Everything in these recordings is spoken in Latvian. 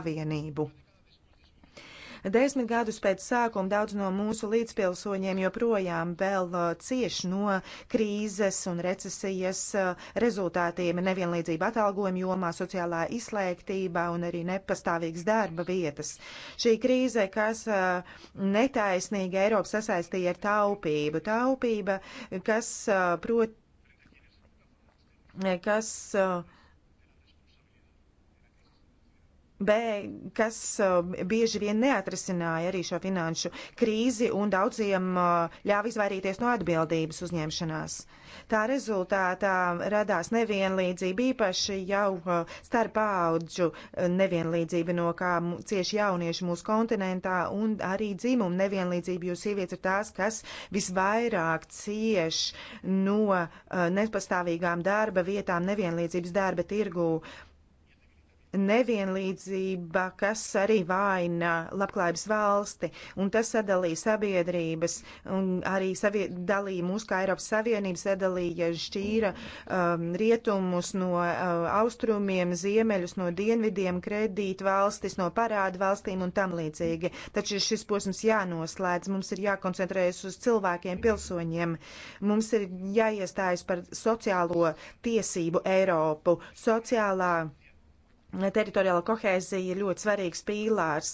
Savienību. Desmit gadus pēc sākuma daudz no mūsu līdzpilsoņiem joprojām vēl uh, cieš no krīzes un recesijas uh, rezultātiem - nevienlīdzība atalgojuma jomā, sociālā izslēgtība un arī nepastāvīgas darba vietas. Šī krīze, kas uh, netaisnīgi Eiropu sasaistīja ar taupību, taupība, kas prot, kas uh, Be, kas eh, bieži vien neatrisināja arī šo finanšu krīzi un daudziem eh, ļāva izvairīties no atbildības uzņemšanās. Tā rezultātā radās nevienlīdzība, īpaši jau eh, starp paudžu nevienlīdzība, no kā cieši jaunieši mūsu kontinentā, un arī dzimuma nevienlīdzība, jo sievietes ir tās, kas visvairāk cieš no nepastāvīgām darba vietām, nevienlīdzības darba tirgū. Uh, nevienlīdzība, kas arī vaina labklājības valsti, un tas sadalīja sabiedrības, un arī savie, dalīja mūs kā Eiropas Savienības, sadalīja šķīra um, rietumus no uh, austrumiem, ziemeļus no dienvidiem, kredīt valstis no parādu valstīm un tam līdzīgi. Taču šis posms jānoslēdz, mums ir jākoncentrējas uz cilvēkiem, pilsoņiem, mums ir jāiestājas par sociālo tiesību Eiropu, sociālā Teritoriāla kohēzija ir ļoti svarīgs pīlārs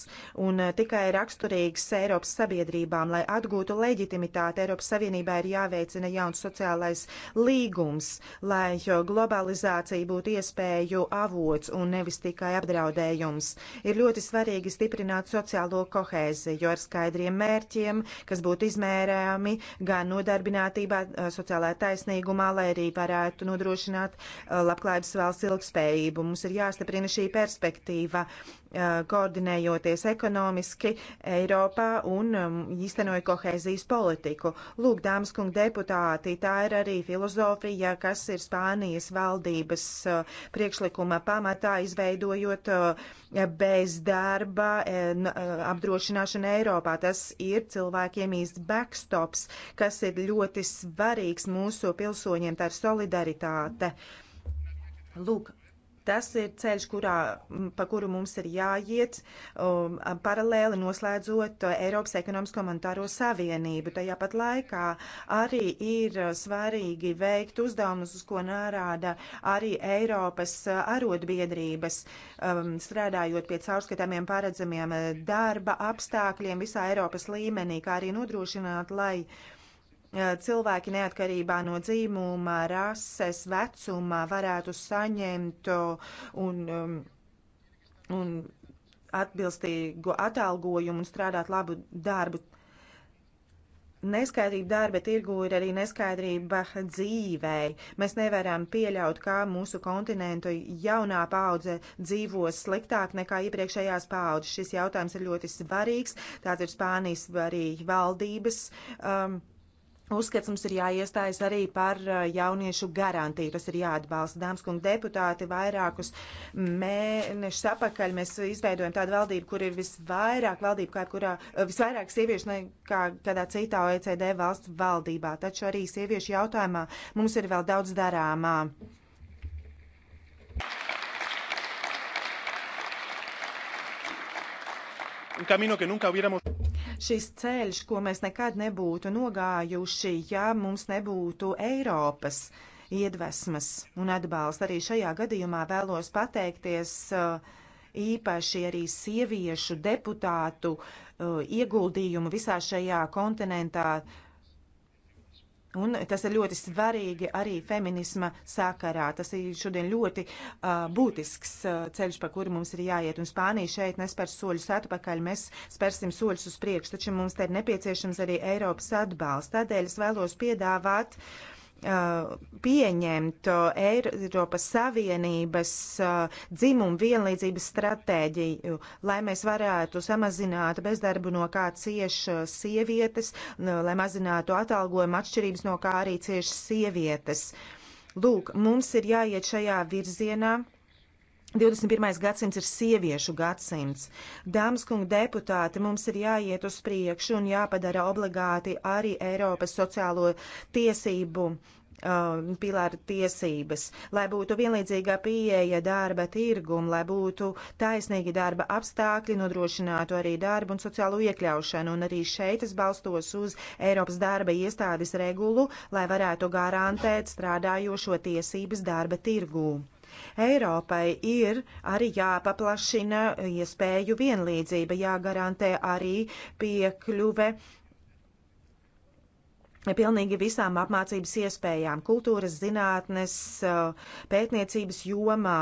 un eh, tikai raksturīgs Eiropas sabiedrībām. Lai atgūtu leģitimitāti, Eiropas Savienībā ir jāveicina jauns sociālais līgums, lai globalizācija būtu iespēju avots un nevis tikai apdraudējums. Ir ļoti svarīgi stiprināt sociālo kohēziju ar skaidriem mērķiem, kas būtu izmērāmi gan nodarbinātībā, eh, sociālā taisnīgumā, lai arī varētu nodrošināt eh, labklājības valsts ilgspējību. Mums ir jāstiprina jāveicina šī perspektīva, eh, koordinējoties ekonomiski Eiropā un um, īstenoja kohēzijas politiku. Lūk, dāmas kungi deputāti, tā ir arī filozofija, kas ir Spānijas valdības eh, priekšlikuma pamatā, izveidojot eh, bezdarba apdrošināšanu Eiropā. Tas ir cilvēkiem īsts backstops, kas ir ļoti svarīgs mūsu pilsoņiem, tā ir solidaritāte. Lūk, Tas ir ceļš, kurā, pa kuru mums ir jāiet um, paralēli noslēdzot Eiropas ekonomisko monetāro savienību. Tajā pat laikā arī ir svarīgi veikt uzdevumus, uz ko nārāda arī Eiropas arotbiedrības, um, strādājot pie caurskatāmiem paredzamiem darba apstākļiem visā Eiropas līmenī, kā arī nodrošināt, lai uh, cilvēki neatkarībā no dzīmuma, rases, vecuma varētu saņemt uh, un, um, un atbilstīgu atalgojumu un strādāt labu darbu. Neskaidrība darba tirgu ir arī neskaidrība dzīvē. Mēs nevaram pieļaut, ka mūsu kontinentu jaunā paudze dzīvos sliktāk nekā iepriekšējās paudzes. Šis jautājums ir ļoti svarīgs. Tāds ir Spānijas arī valdības. Um, Uzskats mums ir jāiestājas arī par uh, jauniešu garantiju. Tas ir jāatbalsta. Dāmas kungi deputāti vairākus mēnešus apakaļ mēs izveidojam tādu valdību, kur ir visvairāk valdību, kā kurā, uh, visvairāk sieviešu nekā kādā citā OECD valsts valdībā. Taču arī sieviešu jautājumā mums ir vēl daudz darāmā. Un camino que nunca hubiéramos šis ceļš, ko mēs nekad nebūtu nogājuši, ja mums nebūtu Eiropas iedvesmas un atbalsta. Arī šajā gadījumā vēlos pateikties uh, īpaši arī sieviešu deputātu uh, ieguldījumu visā šajā kontinentā Un tas ir ļoti svarīgi arī feminisma sakarā. Tas ir šodien ļoti uh, būtisks uh, ceļš, pa kuru mums ir jāiet. Un Spānija šeit nespērs soļus atpakaļ, mēs spērsim soļus uz priekšu, taču mums te ir nepieciešams arī Eiropas atbalsts. Tādēļ es vēlos piedāvāt uh, pieņemt Eiropas Savienības dzimumu vienlīdzības stratēģiju, lai mēs varētu samazināt bezdarbu, no kā cieš sievietes, lai mazinātu atalgojuma atšķirības, no kā arī cieš sievietes. Lūk, mums ir jāiet šajā virzienā. 21. gadsimts ir sieviešu gadsimts. Dāmas kungi deputāti, mums ir jāiet uz priekšu un jāpadara obligāti arī Eiropas sociālo tiesību uh, pilāra tiesības, lai būtu vienlīdzīgā pieeja darba tirgum, lai būtu taisnīgi darba apstākļi, nodrošinātu arī darbu un sociālo iekļaušanu. Un arī šeit es balstos uz Eiropas darba iestādes regulu, lai varētu garantēt strādājošo tiesības darba tirgū. Eiropai ir arī jāpaplašina iespēju vienlīdzība, jāgarantē arī piekļuve pilnīgi visām apmācības iespējām, kultūras, zinātnes, pētniecības jomā.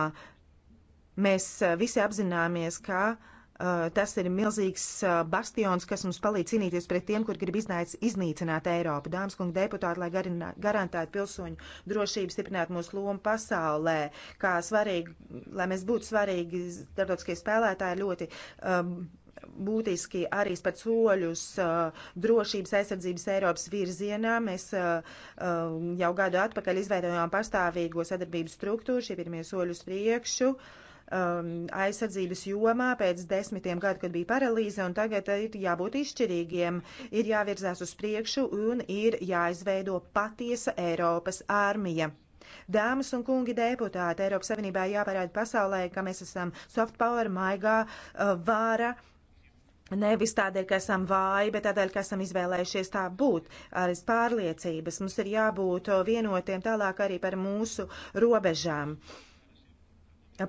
Mēs visi apzināmies, ka Eh, tas ir milzīgs eh, bastions, kas mums palīdz cīnīties pret tiem, kur grib iznāc, iznīcināt Eiropu. Dāmas kungi deputāti, lai garinā, garantētu pilsoņu drošību, stiprinātu mūsu lomu pasaulē, kā svarīgi, lai mēs būtu svarīgi, starptautiskie spēlētāji ļoti. Um, Būtiski arī spēc soļus uh, drošības aizsardzības Eiropas virzienā. Mēs uh, uh, jau gadu atpakaļ izveidojām pastāvīgo sadarbības struktūru, šie pirmie soļus priekšu. Uh, um, aizsardzības jomā pēc desmitiem gadu, kad bija paralīze, un tagad ir jābūt izšķirīgiem, ir jāvirzās uz priekšu un ir jāizveido patiesa Eiropas armija. Dāmas un kungi deputāti, Eiropas Savienībā jāparāda pasaulē, ka mēs esam soft power, maigā uh, vāra. Nevis tādēļ, ka esam vāji, bet tādēļ, ka esam izvēlējušies tā būt ar pārliecības. Mums ir jābūt vienotiem tālāk arī par mūsu robežām. Uh,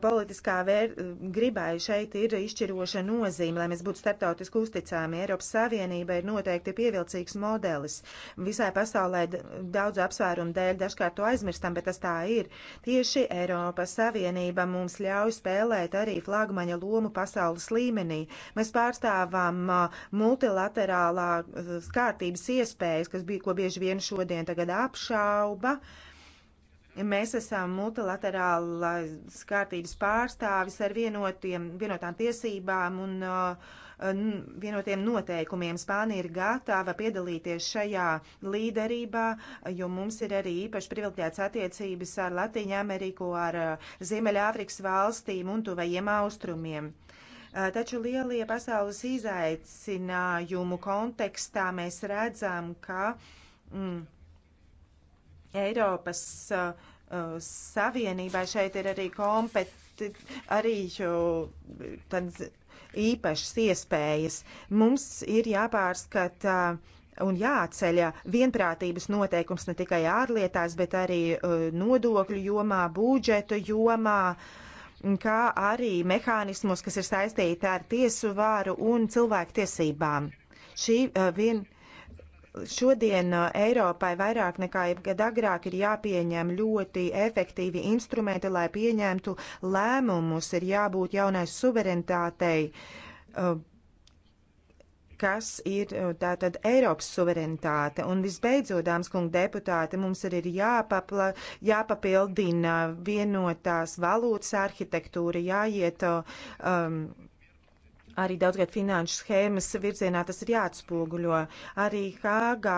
Politiskā vēr, gribai šeit ir izšķiroša nozīme, lai mēs būtu starptautiski uzticāmi. Eiropas Savienība ir noteikti pievilcīgs modelis. Visai pasaulē daudz apsvērumu dēļ dažkārt to aizmirstam, bet tas tā ir. Tieši Eiropas Savienība mums ļauj spēlēt arī flagmaņa lomu pasaules līmenī. Mēs pārstāvām multilaterālā kārtības iespējas, kas bija, ko bieži vien šodien tagad apšauba. Uh, Mēs esam multilaterālās kārtības pārstāvis ar vienotiem, vienotām tiesībām un uh, vienotiem noteikumiem. Spānija ir gatava piedalīties šajā līderībā, jo mums ir arī īpaši privileģēts attiecības ar Latīņu Ameriku, ar uh, Ziemeļāfrikas valstīm un tuvajiem austrumiem. Uh, taču lielie pasaules izaicinājumu kontekstā mēs redzam, ka mm, Eiropas uh, uh, Savienībai šeit ir arī kompeti, arī tāds īpašas iespējas. Mums ir jāpārskata uh, un jāceļ uh, vienprātības noteikums ne tikai ārlietās, bet arī nodokļu jomā, budžetu jomā kā arī mehānismus, kas ir saistīti ar tiesu vāru un cilvēktiesībām. Šī uh, vien, uh, Šodien uh, Eiropai vairāk nekā jebkad agrāk ir jāpieņem ļoti efektīvi instrumenti, lai pieņemtu lēmumus, ir jābūt jaunai suverenitātei, uh, kas ir uh, tātad Eiropas suverenitāte. Un visbeidzot, dāmas kungi deputāti, mums arī ir jāpapla, jāpapildina vienotās valūtas arhitektūra, jāiet. Um, Arī daudzgad finanšu schēmas virzienā tas ir jāatspoguļo. Arī Hāgā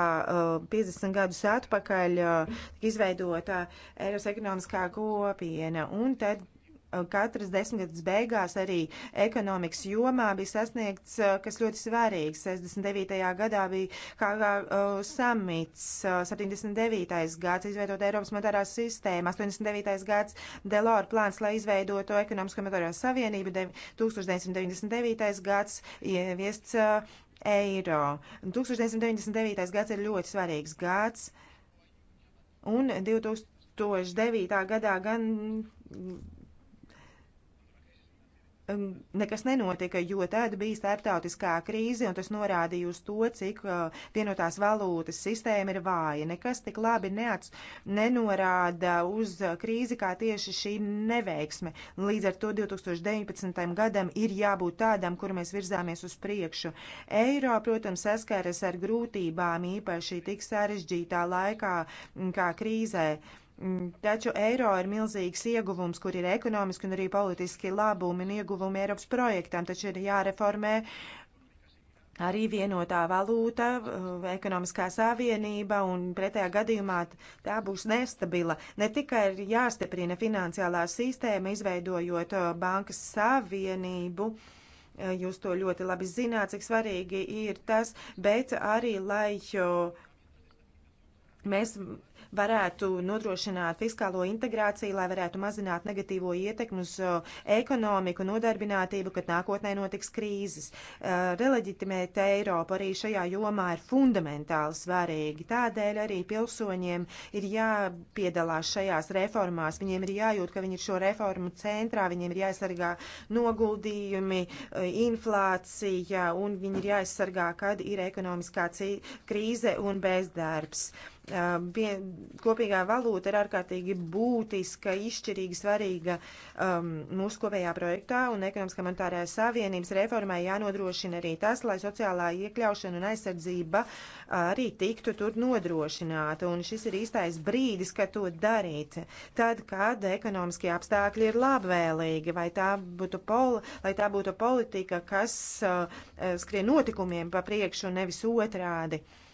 50 uh, gadus atpakaļ uh, izveidota Eiropas ekonomiskā kopiena, un tad Eh, katras desmitgades beigās arī ekonomikas jomā bija sasniegts, eh, kas ļoti svarīgs. 69. gadā bija kā, kā uh, samits, 79. Eh, gads izveidot Eiropas monetārā sistēma, 89. gads Delors plāns, lai izveidotu ekonomisko monetārā savienību, 1999. gads ieviests uh, eiro. 1999. gads ir ļoti svarīgs gads. Un 2009. gadā gan Um, nekas nenotika, jo tad bija starptautiskā krīze, un tas norādīja uz to, cik uh, vienotās valūtas sistēma ir vāja. Nekas tik labi neats, nenorāda uz uh, krīzi, kā tieši šī neveiksme. Līdz ar to 2019. gadam ir jābūt tādam, kur mēs virzāmies uz priekšu. Eiro, protams, saskaras ar grūtībām, īpaši tik sarežģītā laikā kā krīzē. Uh, Mm, taču eiro ir milzīgs ieguvums, kur ir ekonomiski un arī politiski labumi un ieguvumi Eiropas projektam, taču ir jāreformē arī vienotā valūta, uh, ekonomiskā savienība un pretējā gadījumā tā būs nestabila. Ne tikai ir jāstiprina finansiālā sistēma, izveidojot uh, bankas savienību, uh, jūs to ļoti labi zināt, cik svarīgi ir tas, bet arī, lai mēs varētu nodrošināt fiskālo integrāciju, lai varētu mazināt negatīvo ietekmi uz uh, ekonomiku, nodarbinātību, kad nākotnē notiks krīzes. Uh, Releģitimēt Eiropu arī šajā jomā ir fundamentāli svarīgi. Tādēļ arī pilsoņiem ir jāpiedalās šajās reformās. Viņiem ir jājūt, ka viņi ir šo reformu centrā, viņiem ir jāaizsargā noguldījumi, uh, inflācija un viņi ir jāaizsargā, kad ir ekonomiskā krīze un bezdarbs. Uh, vien, kopīgā valūta ir ārkārtīgi būtiska, izšķirīga, svarīga um, mūsu kopējā projektā, un ekonomiskā monetārā savienības reformai jānodrošina arī tas, lai sociālā iekļaušana un aizsardzība arī tiktu tur nodrošināta. Un šis ir īstais brīdis, kad to darīt. Tad, kad ekonomiskie apstākļi ir labvēlīgi, vai tā būtu, pol, lai tā būtu politika, kas uh, skrien notikumiem pa priekšu, nevis otrādi. Uh,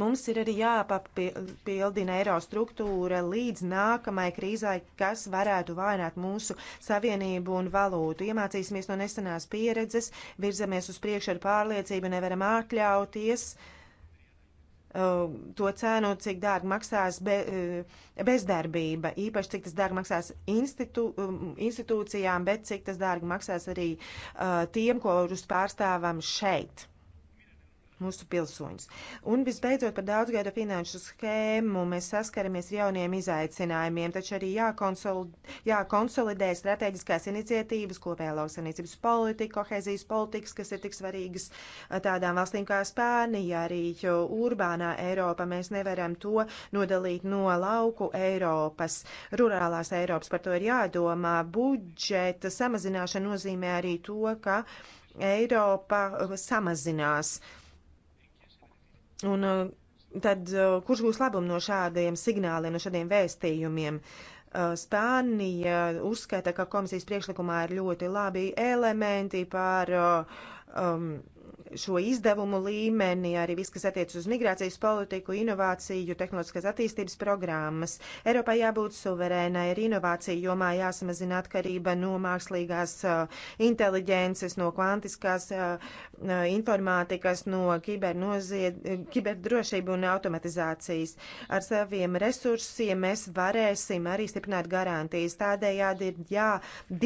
Mums ir arī jāpapildina eiro struktūra līdz nākamai krīzai, kas varētu vainot mūsu savienību un valūtu. Iemācīsimies no nesenās pieredzes, virzamies uz priekšu ar pārliecību, nevaram atļauties uh, to cenu, cik dārgi maksās be, uh, bezdarbība, īpaši cik tas dārgi maksās institu, um, institūcijām, bet cik tas dārgi maksās arī uh, tiem, kurus pārstāvam šeit mūsu pilsoņus. Un visbeidzot par daudzgada finanšu schēmu mēs saskaramies ar jauniem izaicinājumiem, taču arī jākonsolidē strateģiskās iniciatīvas, kopējā lauksanīcības politika, kohēzijas politikas, kas ir tik svarīgas tādām valstīm kā Spānija, arī urbānā Eiropa. Mēs nevaram to nodalīt no lauku Eiropas, rurālās Eiropas. Par to ir jādomā. Budžeta samazināšana nozīmē arī to, ka Eiropa samazinās uh, Un eh, tad eh, kurš būs labumu no šādiem signāliem, no šādiem vēstījumiem? Eh, Spānija uzskata, ka komisijas priekšlikumā ir ļoti labi elementi par um, šo izdevumu līmeni, arī viss, kas attiec uz migrācijas politiku, inovāciju, tehnoloģiskās attīstības programmas. Eiropā jābūt suverēnai ar inovāciju jomā jāsamazina atkarība no mākslīgās uh, inteliģences, no kvantiskās uh, uh, informātikas, no kibernozied, kiberdrošību un automatizācijas. Ar saviem resursiem mēs varēsim arī stiprināt garantijas. Tādējādi ir jā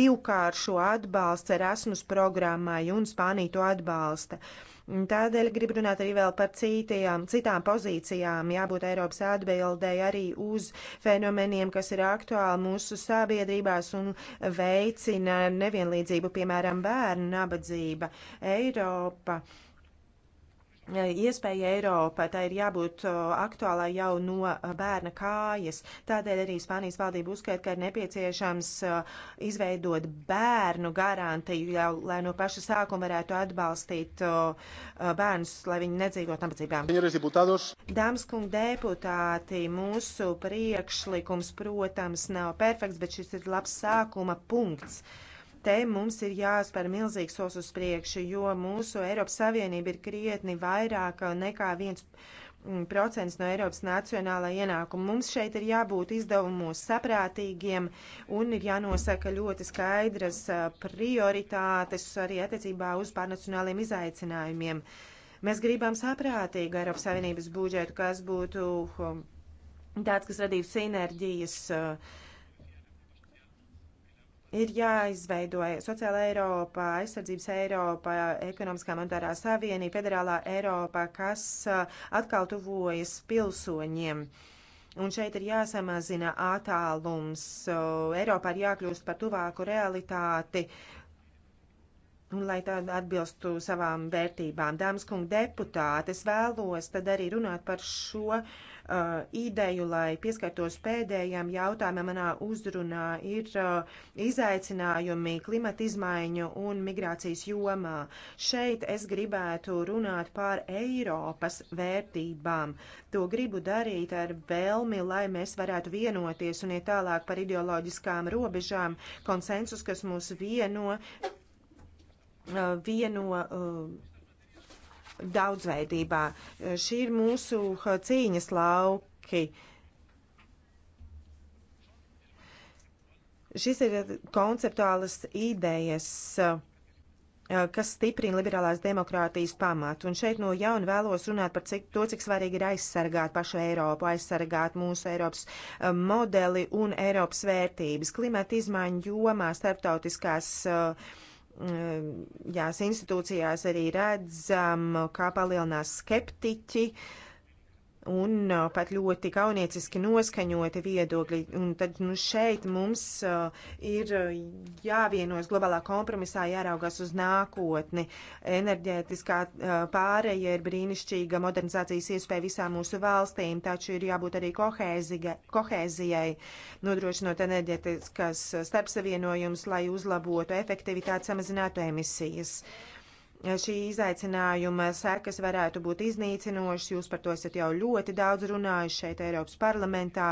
divkāršo atbalsts Erasmus programmai un Spāniju to atbalsta atbalsta. Tādēļ grib runāt arī vēl par citajām, citām pozīcijām. Jābūt Eiropas atbildēji arī uz fenomeniem, kas ir aktuāli mūsu sabiedrībās un veicina nevienlīdzību, piemēram, bērnu nabadzība. Eiropa. Uh, Iespēja Eiropai tā ir jābūt uh, aktuālā jau no uh, bērna kājas. Tādēļ arī Spānijas valdība uzskata, ka ir nepieciešams uh, izveidot bērnu garantiju, jau, lai no paša sākuma varētu atbalstīt bērnus, lai viņi nedzīvot nabadzībā. Dāmas kungi deputāti, mūsu priekšlikums, protams, nav perfekts, bet šis ir labs sākuma punkts. Uh, Te mums ir jāspēr milzīgs solis uz priekšu, jo mūsu Eiropas Savienība ir krietni vairāk nekā viens mm, procents no Eiropas nacionālā ienākuma. Mums šeit ir jābūt izdevumos saprātīgiem un ir jānosaka ļoti skaidras prioritātes arī attiecībā uz pārnacionāliem izaicinājumiem. Mēs gribam saprātīgu Eiropas Savienības budžetu, kas būtu um, tāds, kas radītu sinerģijas uh, Ir jāizveido sociāla Eiropa, aizsardzības Eiropa, ekonomiskā monetārā savienība, federālā Eiropa, kas atkal tuvojas pilsoņiem. Un šeit ir jāsamazina attālums. Eiropā ir jākļūst par tuvāku realitāti. Un, lai tā atbilstu savām vērtībām, dāmas kungi deputāti, es vēlos tad arī runāt par šo uh, uh, ideju, lai pieskartos pēdējiem jautājumiem manā uzrunā, ir uh, izaicinājumi klimata izmaiņu un migrācijas jomā. Šeit es gribētu runāt par Eiropas vērtībām. To gribu darīt ar vēlmi, lai mēs varētu vienoties un iet tālāk par ideoloģiskām robežām, konsensus, kas mūs vieno, uh, vieno uh, daudzveidībā. Šī ir mūsu cīņas lauki. Šis ir konceptuālas idejas, kas stiprina liberālās demokrātijas pamatu. Un šeit no jauna vēlos runāt par cik, to, cik svarīgi ir aizsargāt pašu Eiropu, aizsargāt mūsu Eiropas modeli un Eiropas vērtības. Klimata izmaiņu jomā starptautiskās uh, jās institūcijās arī redzam, kā palielinās skeptiķi un uh, pat ļoti kaunieciski noskaņoti viedokļi. Un tad nu, šeit mums uh, ir uh, jāvienos globālā kompromisā, jāraugās uz nākotni. Enerģētiskā pāreja ir brīnišķīga modernizācijas iespēja visām mūsu valstīm, taču ir jābūt arī kohēziga, kohēzijai, nodrošinot enerģētiskas starpsavienojumus, lai uzlabotu efektivitāti, samazinātu emisijas. Uh, šī izaicinājuma sekas varētu būt iznīcinošas. Jūs par to esat jau ļoti daudz runājuši šeit Eiropas parlamentā.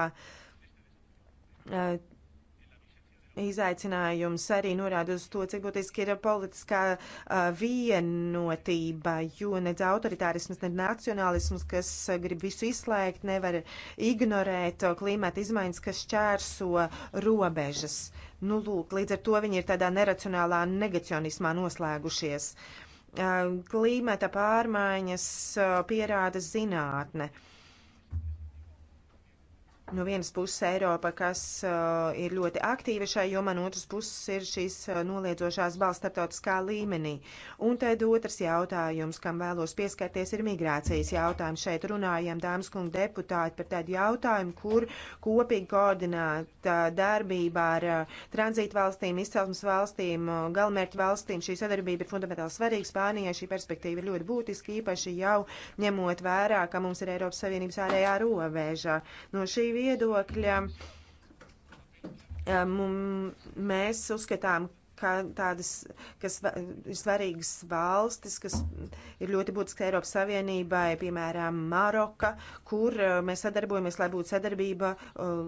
Izaicinājums arī norāda uz to, cik būtiski ir politiskā vienotība, jo nedz autoritārisms, ne nacionālisms, kas grib visu izslēgt, nevar ignorēt klimata izmaiņas, kas čērso robežas. Nu, lūk, līdz ar to viņi ir tādā neracionālā negacionismā noslēgušies. Uh, Um, klimata pārmaiņas uh, pierāda zinātne no vienas puses Eiropa, kas uh, ir ļoti aktīva šai jomā, no otras puses ir šīs uh, noliedzošās balsts starptautiskā līmenī. Un tad otrs jautājums, kam vēlos pieskarties, ir migrācijas jautājums. Šeit runājam, dāmas un deputāti, par tādu jautājumu, kur kopīgi koordinēta uh, darbība ar uh, tranzītu valstīm, izcelsmes valstīm, uh, galvenmērķu valstīm. Šī sadarbība ir fundamentāli svarīga. Spānijai šī perspektīva ir ļoti būtiska, īpaši jau ņemot vērā, ka mums ir Eiropas Savienības ārējā robeža. No šī viedokļa mēs uzskatām, ka tādas, kas ir svarīgas valstis, kas ir ļoti būtiskas Eiropas Savienībai, piemēram, Maroka, kur mēs sadarbojamies, lai būtu sadarbība,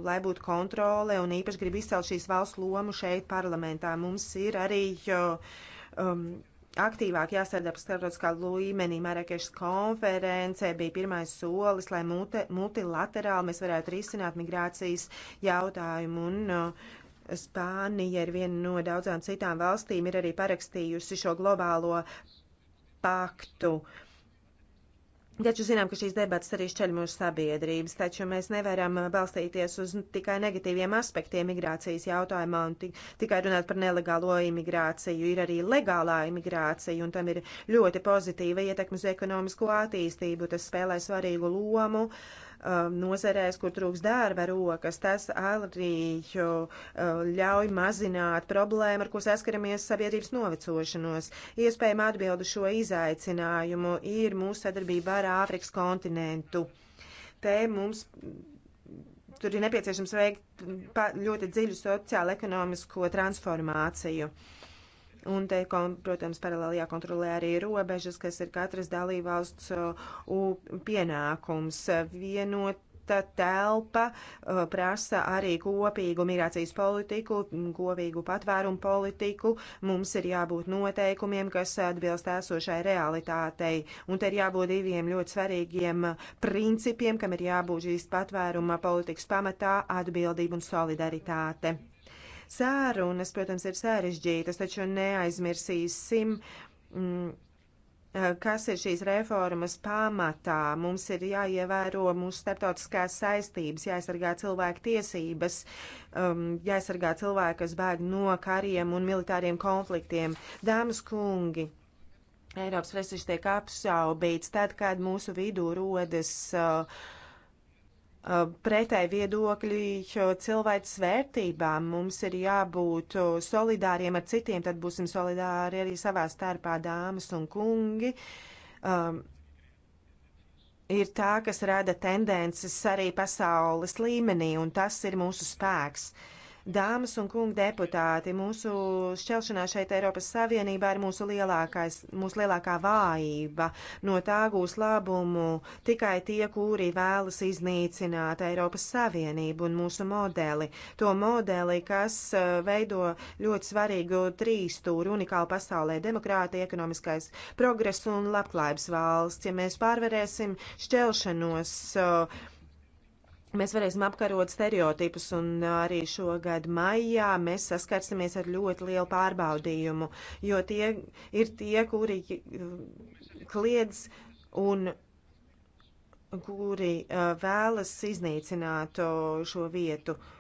lai būtu kontrole, un īpaši grib izcelt šīs valsts lomu šeit parlamentā. Mums ir arī um, aktīvāk jāsadarbojas starptautiskā līmenī. Marakešas konferencē bija pirmais solis, lai multi, multilaterāli mēs varētu risināt migrācijas jautājumu. Un, uh, Spānija ir viena no daudzām citām valstīm, ir arī parakstījusi šo globālo paktu. Uh, Taču zinām, ka šīs debatas arī šķeļ mūsu sabiedrības, taču mēs nevaram uh, balstīties uz tikai negatīviem aspektiem migrācijas jautājumā un tikai runāt par nelegālo imigrāciju. Ir arī legālā imigrācija, un tam ir ļoti pozitīva ietekmes ekonomisko attīstību. Tas spēlē svarīgu lomu. Uh, Um, nozerēs, kur trūks dārba rokas. Tas arī uh, ļauj mazināt problēmu, ar ko saskaramies sabiedrības novecošanos. Iespējama atbildu šo izaicinājumu ir mūsu sadarbība ar Āfrikas kontinentu. Te mums tur ir nepieciešams veikt ļoti dziļu sociālo ekonomisko transformāciju. Uh, Un te, protams, paralēli jākontrolē arī robežas, kas ir katras dalībvalsts uh, pienākums. Vienot ta telpa uh, prasa arī kopīgu migrācijas politiku, mm, kopīgu patvērumu politiku. Mums ir jābūt noteikumiem, kas atbilst esošai realitātei. Un te ir jābūt diviem ļoti svarīgiem uh, principiem, kam ir jābūt šīs patvēruma politikas pamatā - atbildība un solidaritāte. Sērunas, protams, ir sarežģītas, taču neaizmirsīsim. Mm, eh, kas ir šīs reformas pamatā. Mums ir jāievēro mūsu starptautiskās saistības, jāaizsargā cilvēku tiesības, um, jāaizsargā cilvēki, kas bēg no kariem un militāriem konfliktiem. Dāmas kungi, Eiropas prestižs tiek apšaubīts tad, kad mūsu vidū rodas. Uh, Uh, pretēji viedokļi cilvēks vērtībām. Mums ir jābūt solidāriem ar citiem, tad būsim solidāri arī savā starpā dāmas un kungi. Um, ir tā, kas rada tendences arī pasaules līmenī, un tas ir mūsu spēks. Uh, Dāmas un kungi deputāti, mūsu šķelšanās šeit Eiropas Savienībā ir mūsu, lielākais, mūsu lielākā vājība. No tā gūs labumu tikai tie, kuri vēlas iznīcināt Eiropas Savienību un mūsu modeli. To modeli, kas eh, veido ļoti svarīgu trīstūru unikālu pasaulē - demokrātija, ekonomiskais progress un labklājības valsts. Ja mēs pārvarēsim šķelšanos, eh, Mēs varēsim apkarot stereotipus, un arī šogad maijā mēs saskarsimies ar ļoti lielu pārbaudījumu, jo tie ir tie, kuri uh, kliedz un kuri uh, vēlas iznīcināt uh, šo vietu. Uh,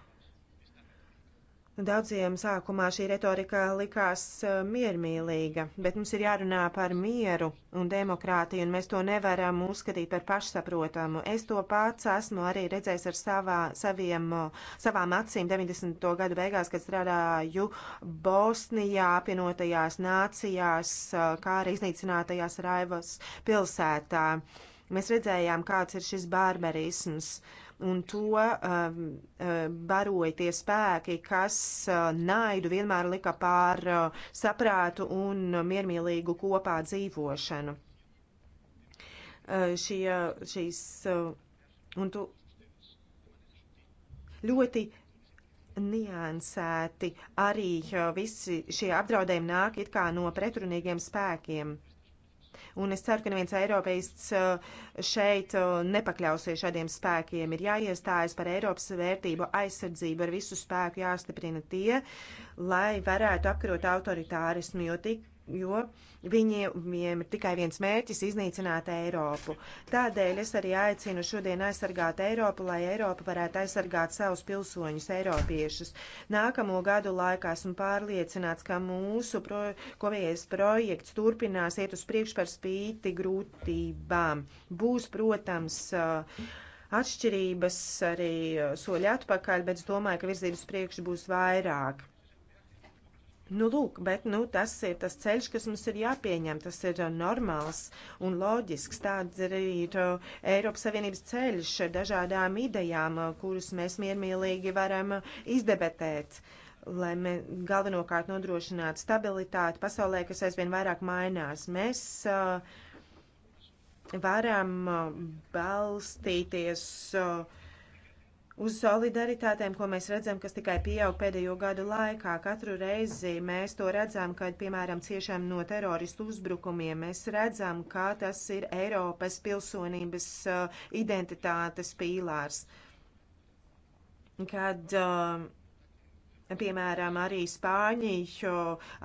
Daudziem sākumā šī retorika likās eh, miermīlīga, bet mums ir jārunā par mieru un demokrātiju, un mēs to nevaram uzskatīt par pašsaprotamu. Es to pats esmu arī redzējis ar savā, saviem, eh, savām acīm 90. gadu beigās, kad strādāju Bosnijā, apvienotajās nācijās, eh, kā arī iznīcinātajās Raivas pilsētā. Mēs redzējām, kāds ir šis barbarisms. Uh, un to um, um baroja tie spēki, kas uh, naidu vienmēr lika pār uh, saprātu un miermīlīgu kopā dzīvošanu. Uh, šie, šīs, un tu ļoti niansēti arī visi šie apdraudējumi nāk it kā no pretrunīgiem spēkiem. Un es ceru, ka neviens Eiropaists uh, šeit uh, nepakļausies šādiem spēkiem. Ir jāiestājas par Eiropas vērtību aizsardzību, ar visu spēku jāstiprina tie, lai varētu apkarot autoritārismu, jo tik jo viņiem ir tikai viens mērķis - iznīcināt Eiropu. Tādēļ es arī aicinu šodien aizsargāt Eiropu, lai Eiropa varētu aizsargāt savus pilsoņus, eiropiešus. Nākamo gadu laikā esmu pārliecināts, ka mūsu pro, kopējais projekts turpinās iet uz priekšu par spīti grūtībām. Būs, protams, uh, atšķirības arī uh, soļi atpakaļ, bet es domāju, ka virzības priekšu būs vairāk. Nu, lūk, bet nu, tas ir tas ceļš, kas mums ir jāpieņem. Tas ir uh, normāls un loģisks. Tāds ir uh, Eiropas Savienības ceļš ar dažādām idejām, uh, kurus mēs miermīlīgi varam uh, izdebetēt, lai me, galvenokārt nodrošinātu stabilitāti pasaulē, kas aizvien vairāk mainās. Mēs uh, varam uh, balstīties. Uh, uz solidaritātēm, ko mēs redzam, kas tikai pieaug pēdējo gadu laikā. Katru reizi mēs to redzam, kad, piemēram, ciešam no teroristu uzbrukumiem. Mēs redzam, kā tas ir Eiropas pilsonības uh, identitātes pīlārs. Kad, uh, Piemēram, arī Spāņu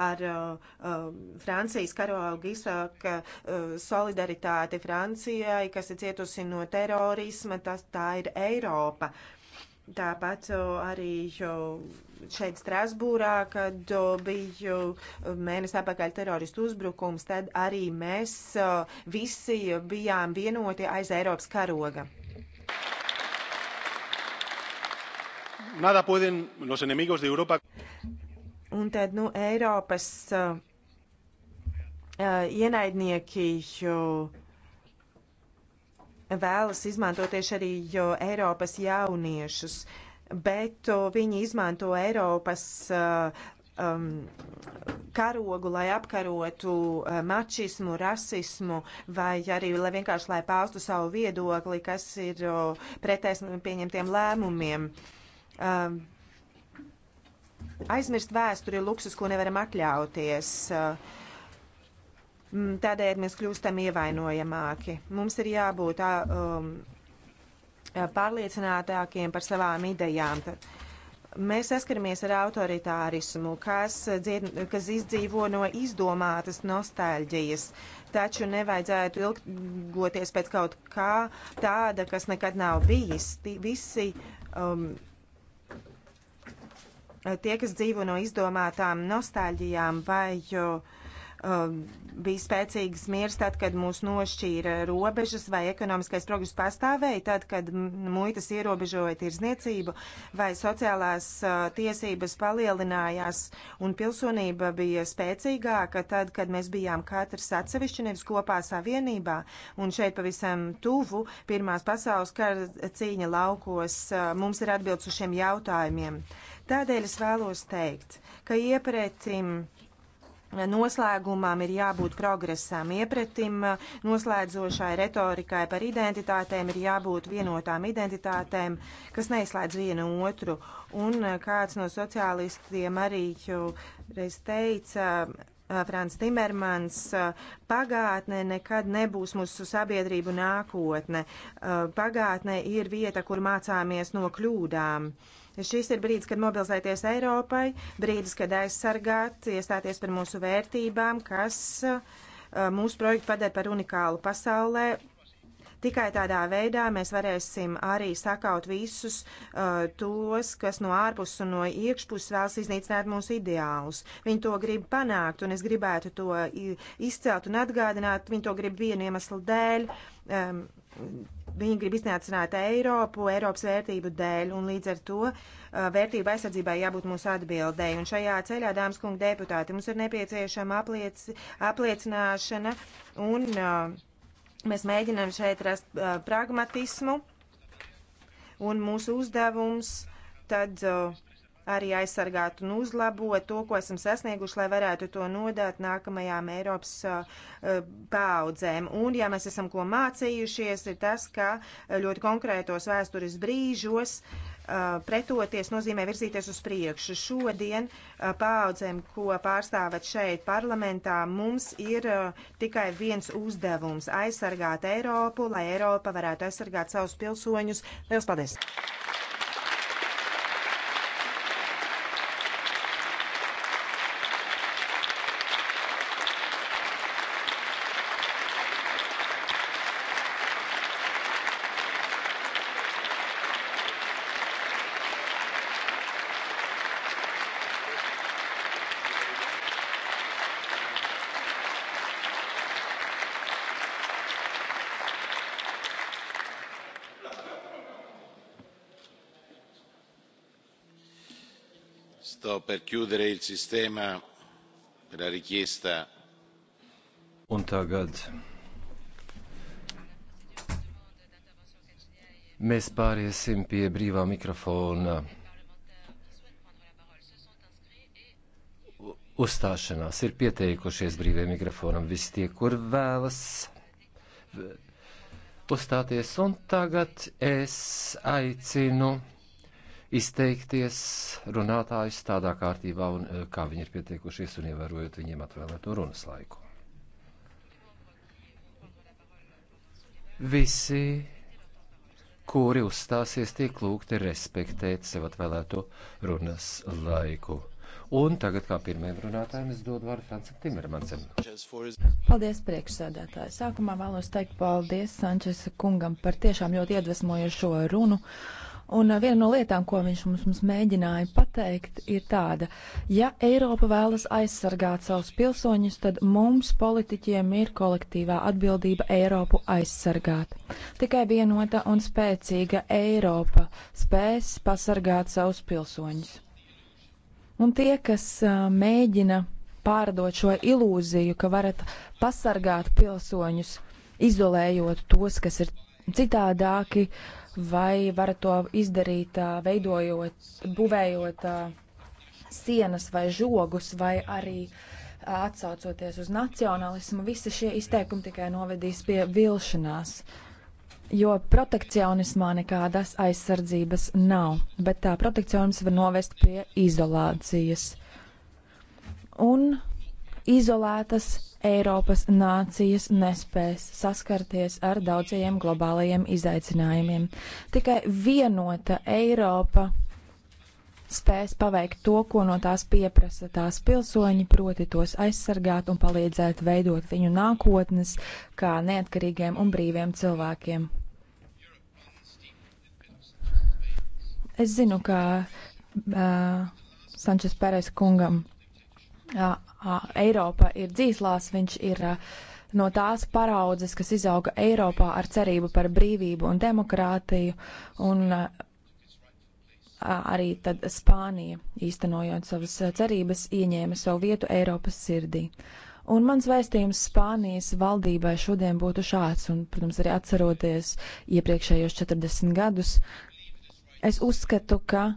ar uh, um, Francijas karaugu izsaka uh, solidaritāti Francijai, kas ir cietusi no terorisma, tas tā ir Eiropa. Uh, Tāpat arī šeit Strasbūrā, kad bija mēnesi apakaļ teroristu uzbrukums, tad arī mēs visi bijām vienoti aiz Eiropas karoga. Nada pueden los enemigos de Europa. Un tad, nu, Eiropas uh, ienaidnieki jau vēlas izmantot tieši arī Eiropas jauniešus, bet uh, viņi izmanto Eiropas uh, um, karogu, lai apkarotu uh, mačismu, rasismu vai arī lai vienkārši lai paustu savu viedokli, kas ir uh, pretēs pieņemtiem lēmumiem. Um, aizmirst vēsturi ir luksus, ko nevaram atļauties. Uh, Mm, Tādējādi mēs kļūstam ievainojamāki. Mums ir jābūt um, pārliecinātākiem par savām idejām. Tad, mēs saskaramies ar autoritārismu, kas, dzied, kas izdzīvo no izdomātas nostalģijas, taču nevajadzētu ilgoties pēc kaut kā tāda, kas nekad nav bijis. Visi um, tie, kas dzīvo no izdomātām nostalģijām vai. Uh, Um, bija spēcīgs miers tad, kad mūs nošķīra robežas vai ekonomiskais progress pastāvēja, tad, kad muitas ierobežoja tirzniecību vai sociālās uh, tiesības palielinājās un pilsonība bija spēcīgāka tad, kad mēs bijām katrs atsevišķi, nevis kopā savienībā. Un šeit pavisam tuvu Pirmās pasaules kara cīņa laukos uh, mums ir atbildes uz šiem jautājumiem. Tādēļ es vēlos teikt, ka iepretim Noslēgumam ir jābūt progresam, iepratim, noslēdzošai retorikai par identitātēm ir jābūt vienotām identitātēm, kas neizslēdz vienu otru. Un eh, kāds no sociālistiem arī reiz teica, eh, Frans Timermans, eh, pagātne nekad nebūs mūsu sabiedrību nākotne. Pagātne ir vieta, kur mācāmies no kļūdām. Šis ir brīdis, kad mobilizēties Eiropai, brīdis, kad aizsargāt, iestāties par mūsu vērtībām, kas eh, mūsu projektu padara par unikālu pasaulē Tikai tādā veidā mēs varēsim arī sakaut visus uh, tos, kas no ārpus un no iekšpuses vēlas iznīcināt mūsu ideālus. Viņi to grib panākt, un es gribētu to izcelt un atgādināt. Viņi to grib vienu iemeslu dēļ. Um, Viņi grib iznācināt Eiropu, Eiropas vērtību dēļ, un līdz ar to uh, vērtību aizsardzībai jābūt mūsu atbildēji. Un šajā ceļā, dāmas kungi deputāti, mums ir nepieciešama apliec, apliecināšana un uh, Mēs mēģinām šeit rast uh, pragmatismu, un mūsu uzdevums tad uh, arī aizsargāt un uzlabot to, ko esam sasnieguši, lai varētu to nodāt nākamajām Eiropas uh, paudzēm. Un, ja mēs esam ko mācījušies, ir tas, ka ļoti konkrētos vēstures brīžos uh, Uh, pretoties nozīmē virzīties uz priekšu. Šodien uh, paaudzēm, ko pārstāvat šeit parlamentā, mums ir uh, tikai viens uzdevums - aizsargāt Eiropu, lai Eiropa varētu aizsargāt savus pilsoņus. Lielas paldies! sto per chiudere il sistema la richiesta. Un tagad mēs pāriesim pie brīvā mikrofona uzstāšanās. Ir pieteikušies brīvajam mikrofonam visi tie, kur vēlas uzstāties. Un tagad es aicinu izteikties runātājus tādā kārtībā, un, eh, kā viņi ir pietiekušies un ievērojot viņiem atvēlēto runas laiku. Visi, kuri uzstāsies, tiek lūgti respektēt sev atvēlēto runas laiku. Un tagad, kā pirmajam runātājam, es dodu vārdu Francam Timermansam. Paldies, priekšsēdētāji. Sākumā vēlos teikt paldies Sančesa kungam par tiešām ļoti iedvesmojošo runu. Uh, Un viena no lietām, ko viņš mums, mums mēģināja pateikt, ir tāda, ja Eiropa vēlas aizsargāt savus pilsoņus, tad mums, politiķiem, ir kolektīvā atbildība Eiropu aizsargāt. Tikai vienota un spēcīga Eiropa spēs pasargāt savus pilsoņus. Un tie, kas mēģina pārdot šo ilūziju, ka varat pasargāt pilsoņus, izolējot tos, kas ir citādāki, uh, vai varat to izdarīt, veidojot, būvējot sienas vai žogus, vai arī atsaucoties uz nacionālismu. Visi šie izteikumi tikai novedīs pie vilšanās, jo protekcionismā nekādas aizsardzības nav, bet tā protekcionisms var novest pie izolācijas. Un izolētas Eiropas nācijas nespēs saskarties ar daudzajiem globālajiem izaicinājumiem. Tikai vienota Eiropa spēs paveikt to, ko no tās pieprasa tās pilsoņi, proti tos aizsargāt un palīdzēt veidot viņu nākotnes kā neatkarīgiem un brīviem cilvēkiem. Es zinu, ka uh, Sančes Pērēs kungam Eiropa ir dzīslās, viņš ir no tās paraudzes, kas izauga Eiropā ar cerību par brīvību un demokrātiju, un arī tad Spānija, īstenojot savas cerības, ieņēma savu vietu Eiropas sirdī. Un mans vēstījums Spānijas valdībai šodien būtu šāds, un, protams, arī atceroties iepriekšējos 40 gadus, es uzskatu, ka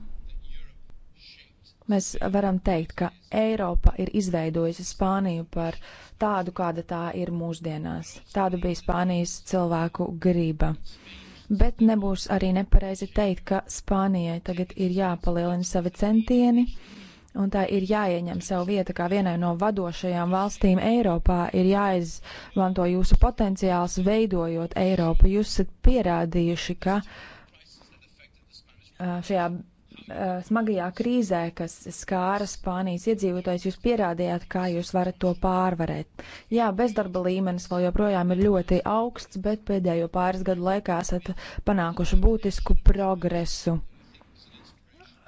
Mēs varam teikt, ka Eiropa ir izveidojusi Spāniju par tādu, kāda tā ir mūsdienās. Tāda bija Spānijas cilvēku grība. Bet nebūs arī nepareizi teikt, ka Spānijai tagad ir jāpalielina savi centieni, un tā ir jāieņem sev vieta kā vienai no vadošajām valstīm Eiropā, ir jāizmanto jūsu potenciāls, veidojot Eiropu. Jūs esat pierādījuši, ka uh, šajā Eh, smagajā krīzē, kas skāra Spānijas iedzīvotājs, jūs pierādījāt, kā jūs varat to pārvarēt. Jā, bezdarba līmenis vēl joprojām ir ļoti augsts, bet pēdējo pāris gadu laikā esat panākuši būtisku progresu.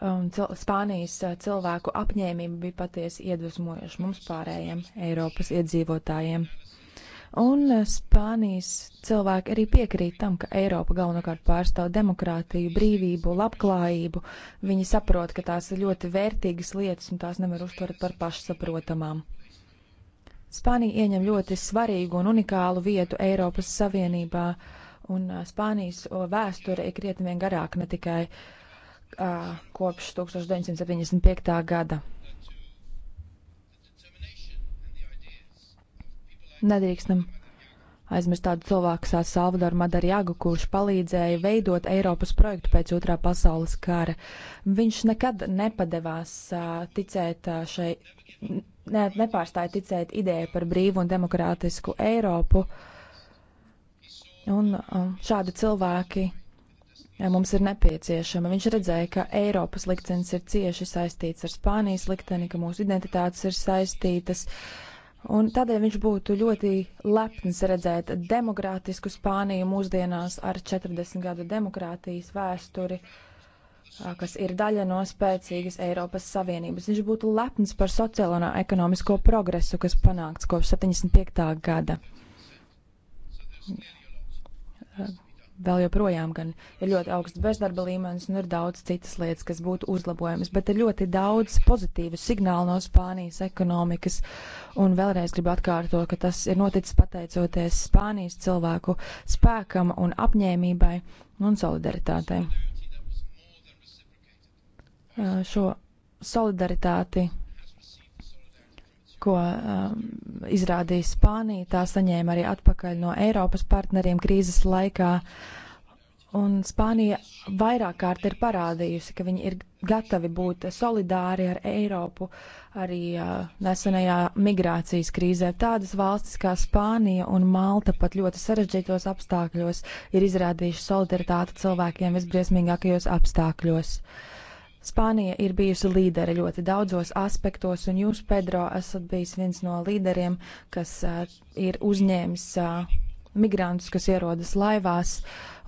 Um, cil Spānijas eh, cilvēku apņēmība bija patiesi iedvesmojoša mums pārējiem Eiropas iedzīvotājiem. Un Spānijas cilvēki arī piekrīt tam, ka Eiropa galvenokārt pārstāv demokrātiju, brīvību, labklājību. Viņi saprot, ka tās ir ļoti vērtīgas lietas un tās nevar uztvert par pašsaprotamām. Spānija ieņem ļoti svarīgu un unikālu vietu Eiropas Savienībā, un Spānijas vēsture ir krietni vien garāka ne tikai uh, kopš 1975. gada. Nedrīkstam aizmirst tādu cilvēku kā Salvadoru Madarjagu, kurš palīdzēja veidot Eiropas projektu pēc otrā pasaules kara. Viņš nekad nepadevās ticēt šai, ne, nepārstāja ticēt idejai par brīvu un demokrātisku Eiropu. Un šādi cilvēki mums ir nepieciešama. Viņš redzēja, ka Eiropas liktenis ir cieši saistīts ar Spānijas likteni, ka mūsu identitātes ir saistītas. Uh, Un tādēļ viņš būtu ļoti lepns redzēt demokrātisku Spāniju mūsdienās ar 40 gadu demokrātijas vēsturi, kas ir daļa no spēcīgas Eiropas Savienības. Viņš būtu lepns par sociālo un ekonomisko progresu, kas panākts kopš 75. gada vēl joprojām gan ir ļoti augsts bezdarba līmenis un ir daudz citas lietas, kas būtu uzlabojamas, bet ir ļoti daudz pozitīvu signālu no Spānijas ekonomikas. Un vēlreiz gribu atkārtot, ka tas ir noticis pateicoties Spānijas cilvēku spēkam un apņēmībai un solidaritātei. Šo solidaritāti ko um, izrādīja Spānija, tā saņēma arī atpakaļ no Eiropas partneriem krīzes laikā. Un Spānija vairāk kārt ir parādījusi, ka viņi ir gatavi būt solidāri ar Eiropu arī uh, nesenajā migrācijas krīzē. Tādas valstis kā Spānija un Malta pat ļoti sarežģītos apstākļos ir izrādījuši solidaritāti cilvēkiem visbriesmīgākajos apstākļos. Uh, Spānija ir bijusi līdere ļoti daudzos aspektos, un jūs, Pedro, esat bijis viens no līderiem, kas uh, ir uzņēmis uh, migrantus, kas ierodas laivās.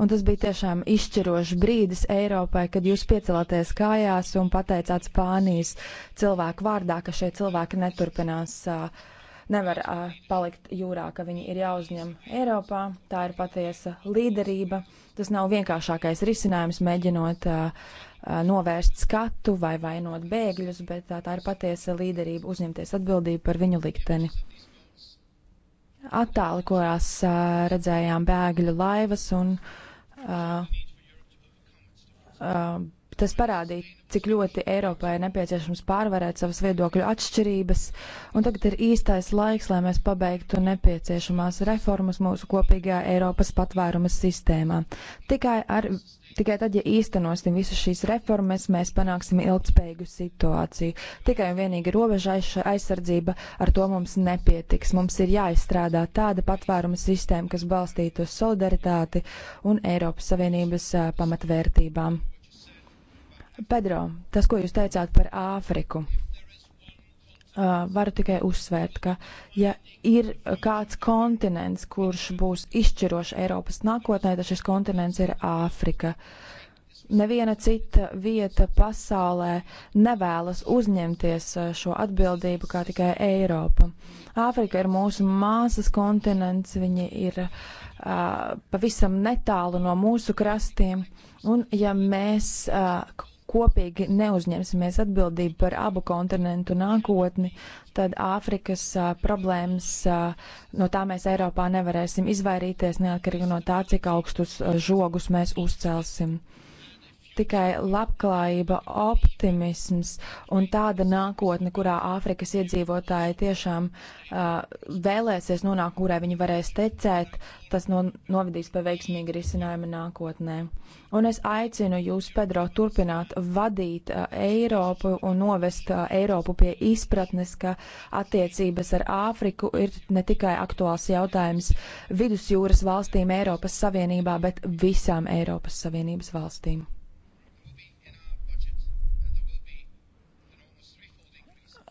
Un tas bija tiešām izšķirošs brīdis Eiropai, kad jūs piecelāties kājās un pateicāt Spānijas cilvēku vārdā, ka šie cilvēki neturpinās, uh, nevar uh, palikt jūrā, ka viņi ir jāuzņem Eiropā. Tā ir patiesa līderība. Tas nav vienkāršākais risinājums, mēģinot. Uh, novērst skatu vai vainot bēgļus, bet tā, tā ir patiesa līderība uzņemties atbildību par viņu likteni. Attāli, kurās redzējām bēgļu laivas un uh, uh, Tas parādīja, cik ļoti Eiropai ir nepieciešams pārvarēt savas viedokļu atšķirības, un tagad ir īstais laiks, lai mēs pabeigtu nepieciešamās reformas mūsu kopīgajā Eiropas patvēruma sistēmā. Tikai, ar, tikai tad, ja īstenosim visas šīs reformas, mēs panāksim ilgspējīgu situāciju. Tikai un vienīgi robeža aizsardzība ar to mums nepietiks. Mums ir jāizstrādā tāda patvēruma sistēma, kas balstītu uz solidaritāti un Eiropas Savienības pamatvērtībām. Pedro, tas, ko jūs teicāt par Āfriku, uh, varu tikai uzsvērt, ka ja ir kāds kontinents, kurš būs izšķirošs Eiropas nākotnē, tad šis kontinents ir Āfrika. Neviena cita vieta pasaulē nevēlas uzņemties uh, šo atbildību kā tikai Eiropa. Āfrika ir mūsu māsas kontinents, viņi ir uh, pavisam netālu no mūsu krastiem, un ja mēs uh, kopīgi neuzņemsimies atbildību par abu kontinentu nākotni, tad Āfrikas uh, problēmas, uh, no tā mēs Eiropā nevarēsim izvairīties, neatkarīgi no tā, cik augstus uh, žogus mēs uzcelsim. Uh, tikai labklājība, optimisms un tāda nākotne, kurā Āfrikas iedzīvotāji tiešām uh, vēlēsies nonākt, kurai viņi varēs tecēt, tas no, novedīs pie veiksmīga risinājuma nākotnē. Un es aicinu jūs, Pedro, turpināt vadīt uh, Eiropu un novest uh, Eiropu pie izpratnes, ka attiecības ar Āfriku ir ne tikai aktuāls jautājums vidusjūras valstīm Eiropas Savienībā, bet visām Eiropas Savienības valstīm.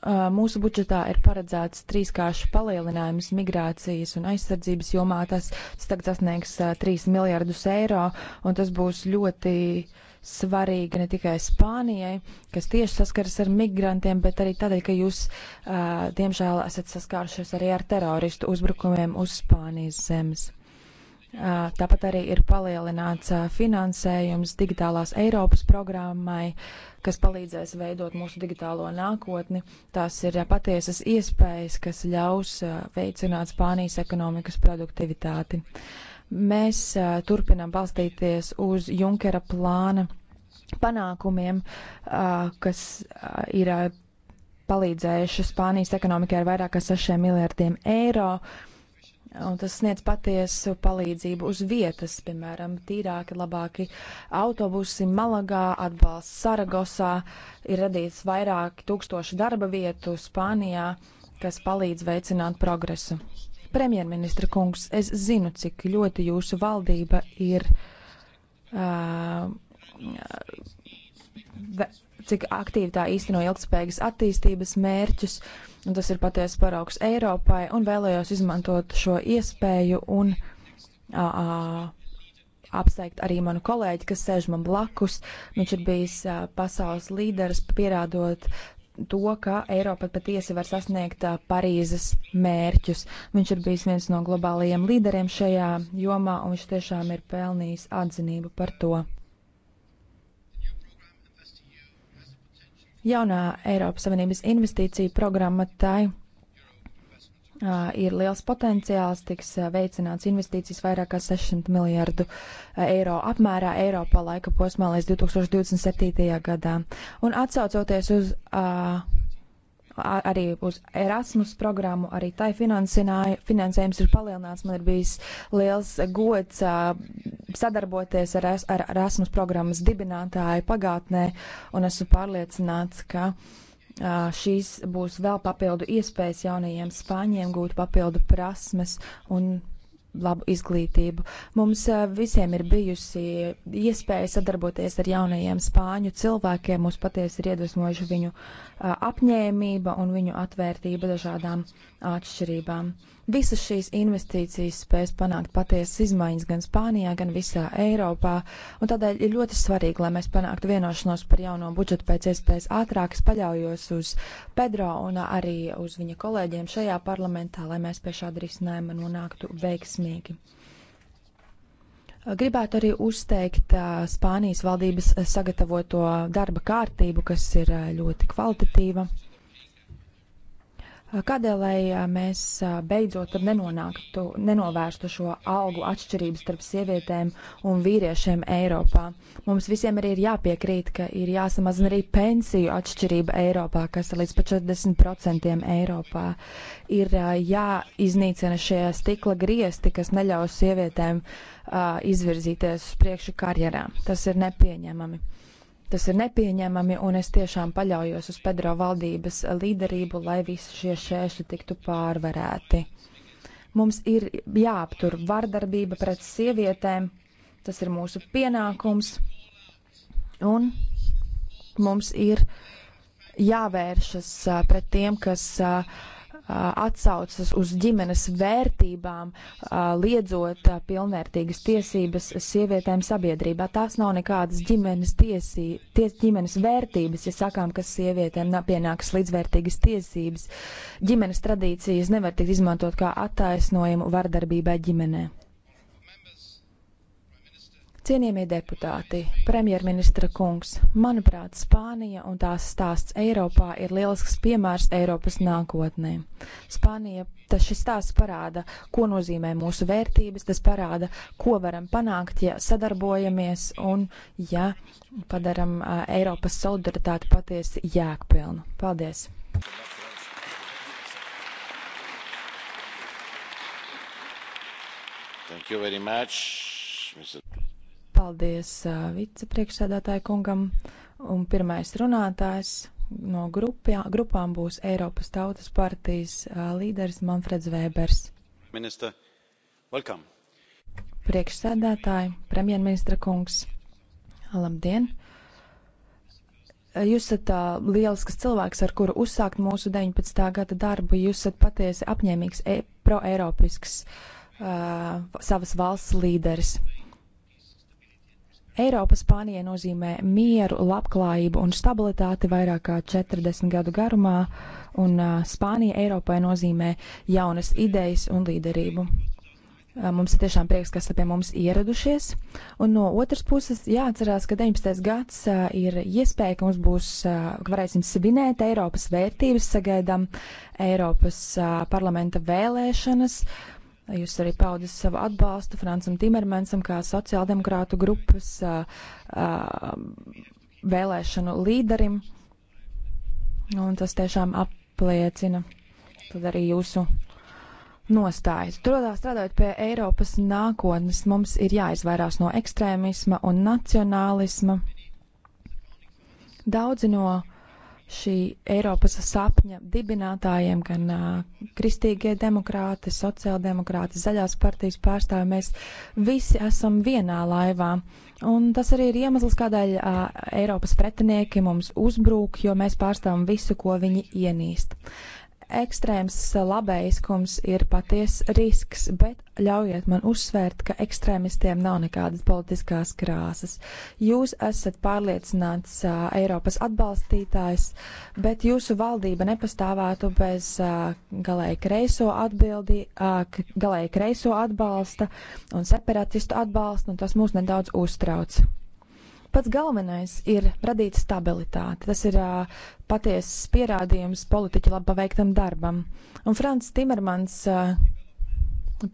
Uh, mūsu budžetā ir paredzēts trīskāršu palielinājums migrācijas un aizsardzības jomā. Tas, tas tagad sasniegs 3 uh, miljardus eiro, un tas būs ļoti svarīgi ne tikai Spānijai, kas tieši saskaras ar migrantiem, bet arī tādēļ, ka jūs, uh, diemžēl, esat saskāršies arī ar teroristu uzbrukumiem uz Spānijas zemes. Tāpat arī ir palielināts finansējums digitālās Eiropas programmai, kas palīdzēs veidot mūsu digitālo nākotni. Tās ir patiesas iespējas, kas ļaus veicināt Spānijas ekonomikas produktivitāti. Mēs turpinām balstīties uz Junkera plāna panākumiem, kas ir palīdzējuši Spānijas ekonomikai ar vairāk kā 6 miljardiem eiro. Un tas sniedz patiesu palīdzību uz vietas, piemēram, tīrāki, labāki autobusi Malagā, atbalsts Saragosā, ir radīts vairāki tūkstoši darba vietu Spānijā, kas palīdz veicināt progresu. Premjerministra kungs, es zinu, cik ļoti jūsu valdība ir uh, cik aktīvi tā īsteno ilgspējīgas attīstības mērķus, un tas ir patiesi paraugs Eiropai, un vēlējos izmantot šo iespēju un a, a, apsteigt arī manu kolēģi, kas sēž man blakus. Viņš ir bijis a, pasaules līderis, pierādot to, ka Eiropa patiesi var sasniegt uh, Parīzes mērķus. Viņš ir bijis viens no globālajiem līderiem šajā jomā, un viņš tiešām ir pelnījis atzinību par to. Jaunā Eiropas Savienības investīcija programma tai ir liels potenciāls, tiks veicināts investīcijas vairāk kā 600 miljardu eiro apmērā Eiropā laika posmā līdz 2027. gadā. Un atsaucoties uz uh, arī uz Erasmus programmu, arī tai finansējums ir palielināts. Man ir bijis liels gods sadarboties ar, ar Erasmus programmas dibinātāju pagātnē, un esmu pārliecināts, ka šīs būs vēl papildu iespējas jaunajiem spāņiem gūt papildu prasmes un labu izglītību. Mums eh, visiem ir bijusi iespēja sadarboties ar jaunajiem spāņu cilvēkiem. Mūs patiesi ir iedvesmojuši viņu eh, apņēmība un viņu atvērtība dažādām atšķirībām. Visas šīs investīcijas spēs panākt patiesas izmaiņas gan Spānijā, gan visā Eiropā, un tādēļ ir ļoti svarīgi, lai mēs panāktu vienošanos par jauno budžetu pēc iespējas ātrāk. Es paļaujos uz Pedro un arī uz viņa kolēģiem šajā parlamentā, lai mēs pie šāda risinājuma nonāktu veiksmīgi nozīmīgi. Gribētu arī uzteikt Spānijas valdības sagatavoto darba kārtību, kas ir ļoti kvalitatīva. Kādēļ mēs beidzot nenonāktu, nenovērstu šo algu atšķirību starp sievietēm un vīriešiem Eiropā? Mums visiem arī ir jāpiekrīt, ka ir jāsamazina arī pensiju atšķirība Eiropā, kas ir līdz pat 40% Eiropā. Ir jāiznīcina šie stikla griesti, kas neļaus sievietēm uh, izvirzīties uz priekšu karjerā. Tas ir nepieņemami. Uh, Tas ir nepieņemami, un es tiešām paļaujos uz Pedro valdības līderību, lai visi šie šēši tiktu pārvarēti. Mums ir jāaptur vardarbība pret sievietēm, tas ir mūsu pienākums, un mums ir jāvēršas pret tiem, kas uh, atsaucas uz ģimenes vērtībām, liedzot pilnvērtīgas tiesības sievietēm sabiedrībā. Tās nav nekādas ģimenes, tiesī, ties, ģimenes vērtības, ja sakām, ka sievietēm pienākas līdzvērtīgas tiesības. Ģimenes tradīcijas nevar tikt izmantot kā attaisnojumu vardarbībai ģimenei. Cienījamie deputāti, premjerministra kungs, manuprāt, Spānija un tās stāsts Eiropā ir lielisks piemērs Eiropas nākotnē. Spānija, tas šis stāsts parāda, ko nozīmē mūsu vērtības, tas parāda, ko varam panākt, ja sadarbojamies un ja padaram uh, Eiropas solidaritāti patiesi jēgpilnu. Paldies! Thank you very much. Paldies uh, vicepriekšsēdētāju kungam. Un pirmais runātājs no grupjā, grupām būs Eiropas Tautas partijas uh, līderis Manfreds Vēbers. Minister, welcome. Priekšsēdētāji, premjerministra kungs, labdien! Jūs esat uh, lielisks cilvēks, ar kuru uzsākt mūsu 19. gada darbu. Jūs esat patiesi apņēmīgs, e proeiropisks uh, savas valsts līderis. Eiropa Spānijai nozīmē mieru, labklājību un stabilitāti vairāk kā 40 gadu garumā, un Spānija Eiropai nozīmē jaunas idejas un līderību. Mums ir tiešām prieks, ka esat pie mums ieradušies. Un no otras puses, jāatcerās, ka 19. gads ir iespēja, ka mums būs, ka varēsim svinēt Eiropas vērtības, sagaidām Eiropas parlamenta vēlēšanas, Jūs arī paudat savu atbalstu Francam Timermansam, kā sociāldemokrātu grupas a, a, vēlēšanu līderim. Un tas tiešām apliecina tad arī jūsu nostājas. Turpināt strādājot pie Eiropas nākotnes, mums ir jāizvairās no ekstrēmisma un nacionālisma. Daudzi no uh, šī Eiropas sapņa dibinātājiem, gan uh, kristīgie demokrāti, sociāldemokrāti, zaļās partijas pārstāvji, mēs visi esam vienā laivā. Un tas arī ir iemesls, kādēļ uh, Eiropas pretinieki mums uzbrūk, jo mēs pārstāvam visu, ko viņi ienīst. Uh, Ekstrēms labējiskums ir paties risks, bet ļaujiet man uzsvērt, ka ekstrēmistiem nav nekādas politiskās krāsas. Jūs esat pārliecināts uh, Eiropas atbalstītājs, bet jūsu valdība nepastāvētu bez uh, galēji kreiso atbildi, uh, galēji kreiso atbalsta un separatistu atbalsta, un tas mūs nedaudz uztrauc. Pats galvenais ir radīt stabilitāti. Tas ir uh, patiesas pierādījums politiķa labi paveiktam darbam. Un Frants Timermans uh,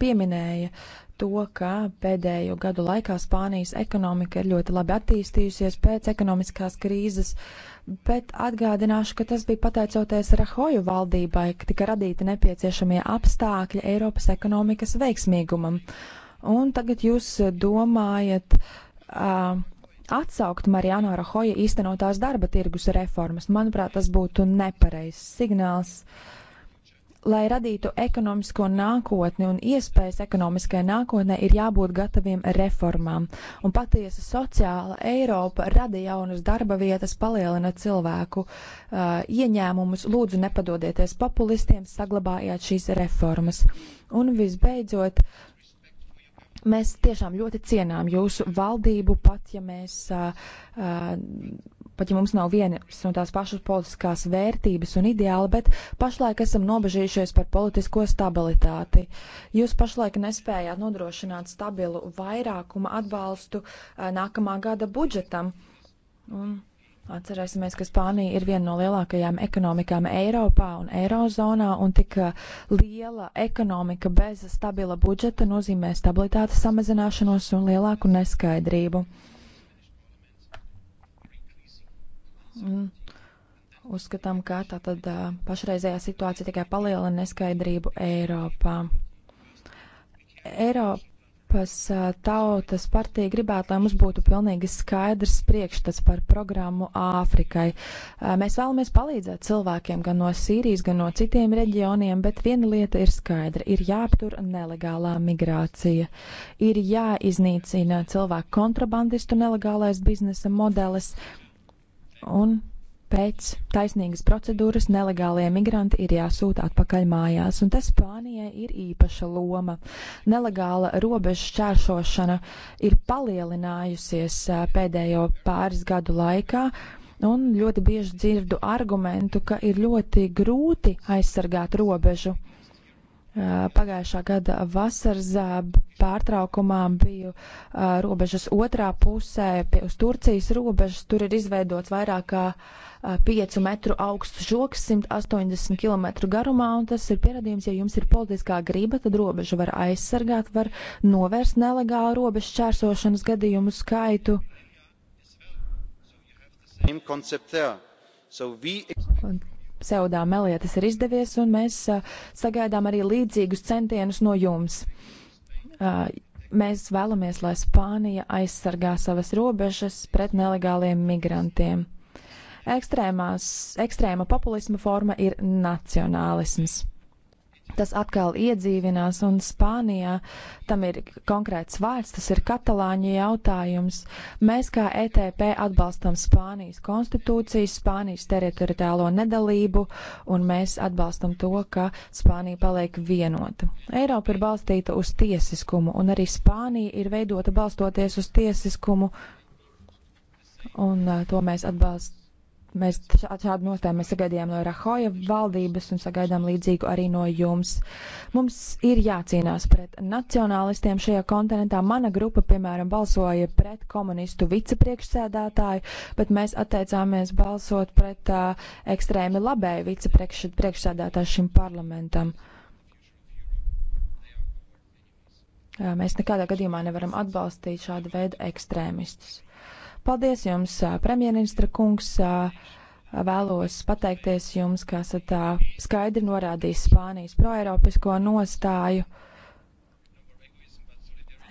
pieminēja to, ka pēdējo gadu laikā Spānijas ekonomika ir ļoti labi attīstījusies pēc ekonomiskās krīzes, bet atgādināšu, ka tas bija pateicoties Rahoju valdībai, ka tika radīti nepieciešamie apstākļi Eiropas ekonomikas veiksmīgumam. Un tagad jūs domājat, uh, atsaukt Mariano Rahoja īstenotās darba tirgus reformas. Manuprāt, tas būtu nepareizs signāls. Lai radītu ekonomisko nākotni un iespējas ekonomiskai nākotnē, ir jābūt gataviem reformām. Un patiesa sociāla Eiropa rada jaunas darba vietas, palielina cilvēku uh, ieņēmumus. Lūdzu, nepadodieties populistiem, saglabājiet šīs reformas. Un visbeidzot, uh, Mēs tiešām ļoti cienām jūsu valdību, pat ja mēs, pat ja mums nav vienas no tās pašas politiskās vērtības un ideāli, bet pašlaik esam nobežījušies par politisko stabilitāti. Jūs pašlaik nespējāt nodrošināt stabilu vairākuma atbalstu nākamā gada budžetam. Un Atcerēsimies, ka Spānija ir viena no lielākajām ekonomikām Eiropā un Eirozonā, un tik uh, liela ekonomika bez stabila budžeta nozīmē stabilitātes samazināšanos un lielāku neskaidrību. Mm. Uzskatām, ka tā tad uh, pašreizējā situācija tikai palielina neskaidrību Eiropā. Eiropa Eiropas tautas partija gribētu, lai mums būtu pilnīgi skaidrs priekšstats par programmu Āfrikai. Mēs vēlamies palīdzēt cilvēkiem gan no Sīrijas, gan no citiem reģioniem, bet viena lieta ir skaidra - ir jāaptur nelegālā migrācija. Ir jāiznīcina cilvēku kontrabandistu nelegālais biznesa modelis. Un pēc taisnīgas procedūras nelegālie migranti ir jāsūta atpakaļ mājās, un tas Spānijai ir īpaša loma. Nelegāla robeža šķēršošana ir palielinājusies pēdējo pāris gadu laikā. Un ļoti bieži dzirdu argumentu, ka ir ļoti grūti aizsargāt robežu. Pagājušā gada vasaras pārtraukumā biju robežas otrā pusē, pie, uz Turcijas robežas. Tur ir izveidots vairāk kā 5 metru augsts žoks 180 km garumā, un tas ir pierādījums, ja jums ir politiskā grība, tad robežu var aizsargāt, var novērst nelegālu robežu čērsošanas gadījumu skaitu. Un pseudā melietis ir izdevies, un mēs uh, sagaidām arī līdzīgus centienus no jums. Uh, mēs vēlamies, lai Spānija aizsargā savas robežas pret nelegāliem migrantiem. Ekstrēmās, ekstrēma populisma forma ir nacionālisms tas atkal iedzīvinās, un Spānijā tam ir konkrēts vārds, tas ir katalāņu jautājums. Mēs kā ETP atbalstam Spānijas konstitūciju, Spānijas teritoriālo nedalību, un mēs atbalstam to, ka Spānija paliek vienota. Eiropa ir balstīta uz tiesiskumu, un arī Spānija ir veidota balstoties uz tiesiskumu, un uh, to mēs atbalstam Mēs šādu nostāju mēs sagaidījām no Rahoja valdības un sagaidām līdzīgu arī no jums. Mums ir jācīnās pret nacionālistiem šajā kontinentā. Mana grupa, piemēram, balsoja pret komunistu vicepriekšsēdētāju, bet mēs atteicāmies balsot pret uh, ekstrēmi labēju vicepriekšsēdētāju šim parlamentam. Uh, mēs nekādā gadījumā nevaram atbalstīt šādu veidu ekstrēmistus. Paldies jums, premjerministra kungs. Vēlos pateikties jums, ka esat skaidri norādījis Spānijas proeiropisko nostāju.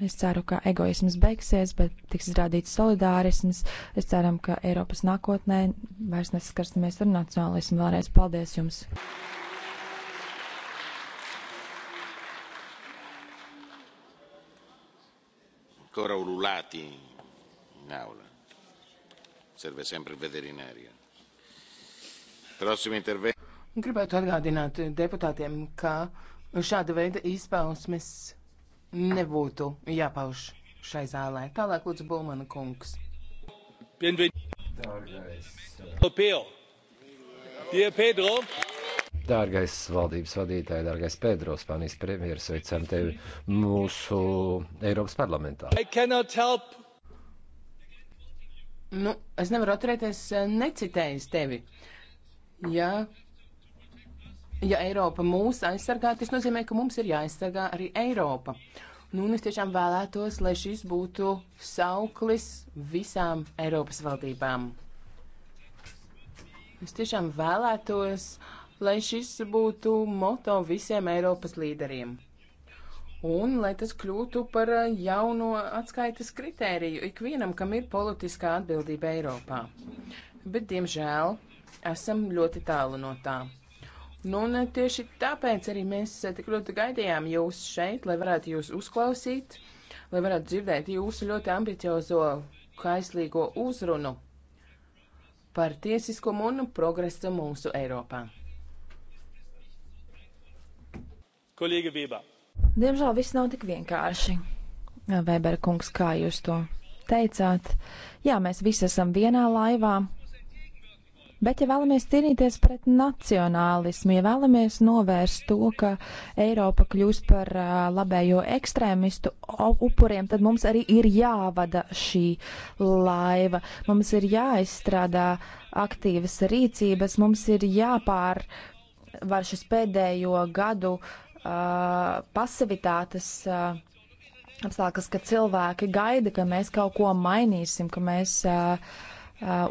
Es ceru, ka egoisms beigsies, bet tiks izrādīts solidārisms. Es ceram, ka Eiropas nākotnē vairs nesaskarsimies ar nacionālismu. Vēlreiz paldies jums! ancora ululati in aula serve sempre il veterinario. Prossimo intervento. Gribētu atgādināt deputātiem, ka šāda veida izpausmes nebūtu jāpauž šai zālē. Tālāk lūdzu Bulmana kungs. Dārgais. Dārgais valdības vadītāji, dārgais Pedro, Spānijas premjeras, sveicam tevi mūsu Eiropas parlamentā. I cannot help Nu, es nevaru atturēties eh, necitējis tevi. Ja, ja Eiropa mūs aizsargā, tas nozīmē, ka mums ir jāaizsargā arī Eiropa. Nu, un es tiešām vēlētos, lai šis būtu sauklis visām Eiropas valdībām. Es tiešām vēlētos, lai šis būtu moto visiem Eiropas līderiem un lai tas kļūtu par jauno atskaites kritēriju ikvienam, kam ir politiskā atbildība Eiropā. Bet, diemžēl, esam ļoti tālu no tā. Nu, un tieši tāpēc arī mēs tik ļoti gaidījām jūs šeit, lai varētu jūs uzklausīt, lai varētu dzirdēt jūsu ļoti ambiciozo, kaislīgo uzrunu par tiesiskumu un progresu mūsu Eiropā. Kolēģi Weber. Diemžēl viss nav tik vienkārši. Vēbera kungs, kā jūs to teicāt? Jā, mēs visi esam vienā laivā, Bet, ja vēlamies cīnīties pret nacionālismu, ja vēlamies novērst to, ka Eiropa kļūs par uh, labējo ekstrēmistu upuriem, tad mums arī ir jāvada šī laiva. Mums ir jāizstrādā aktīvas rīcības, mums ir jāpārvar šis pēdējo gadu uh, pasivitātes apstākļus, ka cilvēki gaida, ka mēs kaut ko mainīsim, ka mēs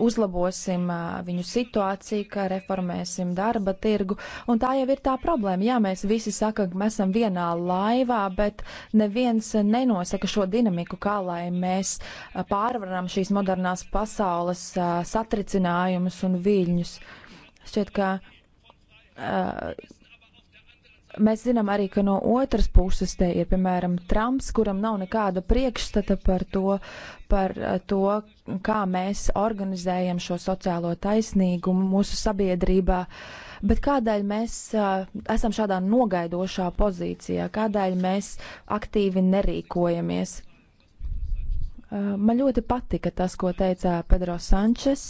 uzlabosim viņu situāciju, ka reformēsim darba tirgu. Un tā jau ir tā problēma. Jā, mēs visi sakam, ka mēs esam vienā laivā, bet neviens nenosaka šo dinamiku, kā lai mēs pārvaram šīs modernās pasaules satricinājumus un viļņus. Šķiet, ka. Uh, Mēs zinām arī, ka no otras puses te ir, piemēram, Trumps, kuram nav nekāda priekšstata par to, par eh, to kā mēs organizējam šo sociālo taisnīgumu mūsu sabiedrībā. Bet kādēļ mēs uh, esam šādā nogaidošā pozīcijā? Kādēļ mēs aktīvi nerīkojamies? Uh, man ļoti patika tas, ko teica Pedro Sančes.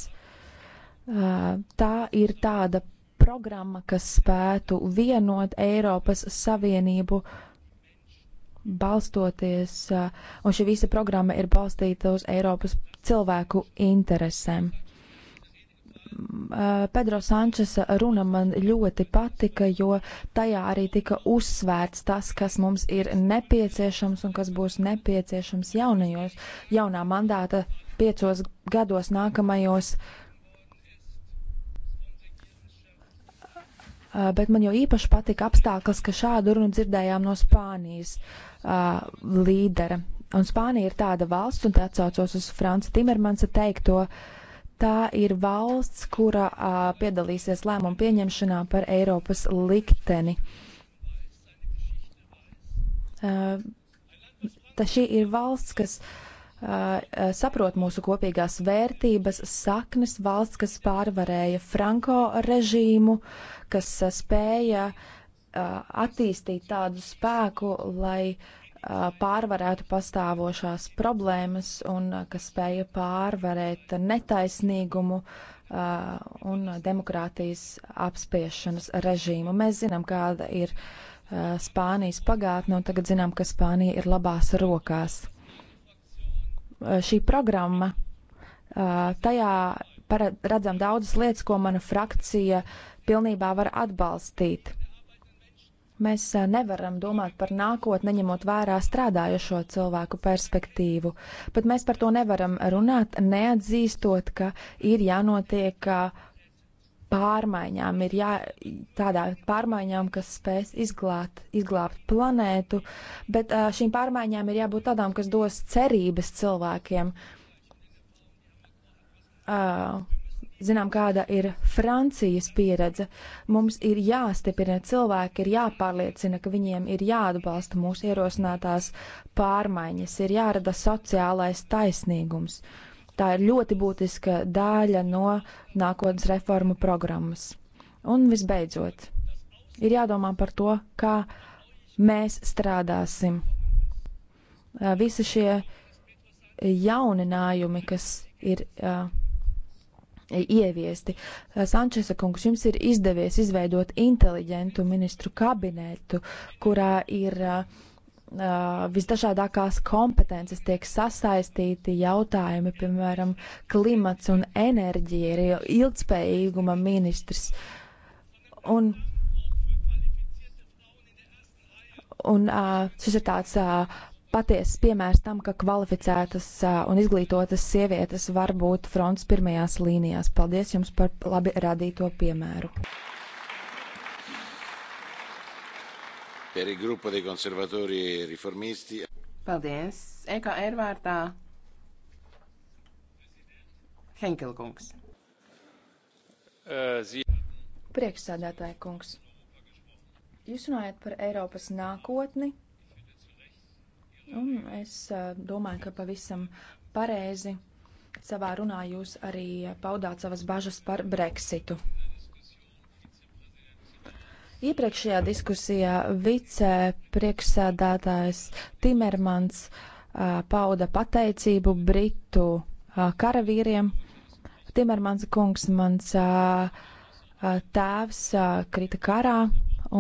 Uh, tā ir tāda programma, kas spētu vienot Eiropas Savienību balstoties, uh, un šī visa programma ir balstīta uz Eiropas cilvēku interesēm. Mm, uh, Pedro Sančesa runa man ļoti patika, jo tajā arī tika uzsvērts tas, kas mums ir nepieciešams un kas būs nepieciešams jaunajos, jaunā mandāta piecos gados nākamajos uh, Uh, bet man jau īpaši patika apstākļus, ka šādu runu dzirdējām no Spānijas uh, līdera. Un Spānija ir tāda valsts, un te atcaucos uz Franca Timermansa teikto, tā ir valsts, kura uh, piedalīsies lēmumu pieņemšanā par Eiropas likteni. Uh, tā šī ir valsts, kas uh, saprot mūsu kopīgās vērtības, saknes valsts, kas pārvarēja Franko režīmu, kas spēja attīstīt tādu spēku, lai pārvarētu pastāvošās problēmas un kas spēja pārvarēt netaisnīgumu un demokrātijas apspiešanas režīmu. Mēs zinām, kāda ir Spānijas pagātne, un tagad zinām, ka Spānija ir labās rokās. Eh, šī programma, eh, tajā redzam daudzas lietas, ko mana frakcija pilnībā var atbalstīt. Mēs eh, nevaram domāt par nākotni, neņemot vērā strādājošo cilvēku perspektīvu, bet mēs par to nevaram runāt, neatzīstot, ka ir jānotiek uh, pārmaiņām, ir jā, tādā pārmaiņām, kas spēs izglāt, izglābt planētu, bet uh, šīm pārmaiņām ir jābūt tādām, kas dos cerības cilvēkiem. Uh, zinām, kāda ir Francijas pieredze. Mums ir jāstiprina cilvēki, ir jāpārliecina, ka viņiem ir jāatbalsta mūsu ierosinātās pārmaiņas, ir jārada sociālais taisnīgums. Uh, Tā ir ļoti būtiska daļa no nākotnes reformu programmas. Un visbeidzot, ir jādomā par to, kā mēs strādāsim. Visi šie jauninājumi, kas ir uh, ieviesti. Sančesa kungs, jums ir izdevies izveidot inteliģentu ministru kabinetu, kurā ir uh, visdažādākās kompetences tiek sasaistīti jautājumi, piemēram, klimats un enerģija, ir ilgspējīguma ministrs. Un, un šis ir tāds patiesas piemērs tam, ka kvalificētas un izglītotas sievietes var būt fronts pirmajās līnijās. Paldies jums par labi radīto piemēru. Per il gruppo dei konservatori e reformisti. Paldies. EKR vārtā Henkelkungs. Eh, Priekšsādātāja kungs, jūs runājat par Eiropas nākotni, un es eh, domāju, ka pavisam pareizi savā runā jūs arī paudāt savas bažas par Brexitu. Iepriekšējā diskusijā vice priekšsēdētājs Timermans uh, pauda pateicību Britu uh, karavīriem. Timermans kungs, mans uh, tēvs krita karā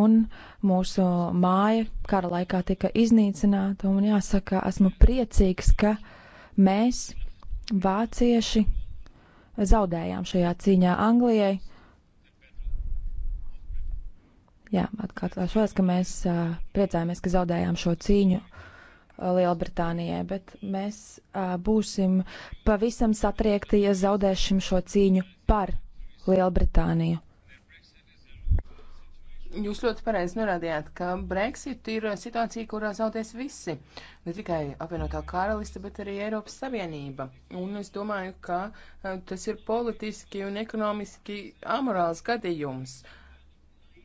un mūsu māja kara laikā tika iznīcināta. Un jāsaka, esmu priecīgs, ka mēs, vācieši, zaudējām šajā cīņā Anglijai Jā, atkārtošos, ka mēs uh, priecājamies, ka zaudējām šo cīņu uh, Lielbritānijai, bet mēs uh, būsim pavisam satriekti, ja zaudēsim šo cīņu par Lielbritāniju. Jūs ļoti pareizi norādījāt, ka Brexit ir situācija, kurā zaudēs visi. Ne tikai apvienotā karaliste, bet arī Eiropas Savienība. Un es domāju, ka tas ir politiski un ekonomiski amorāls gadījums. Uh,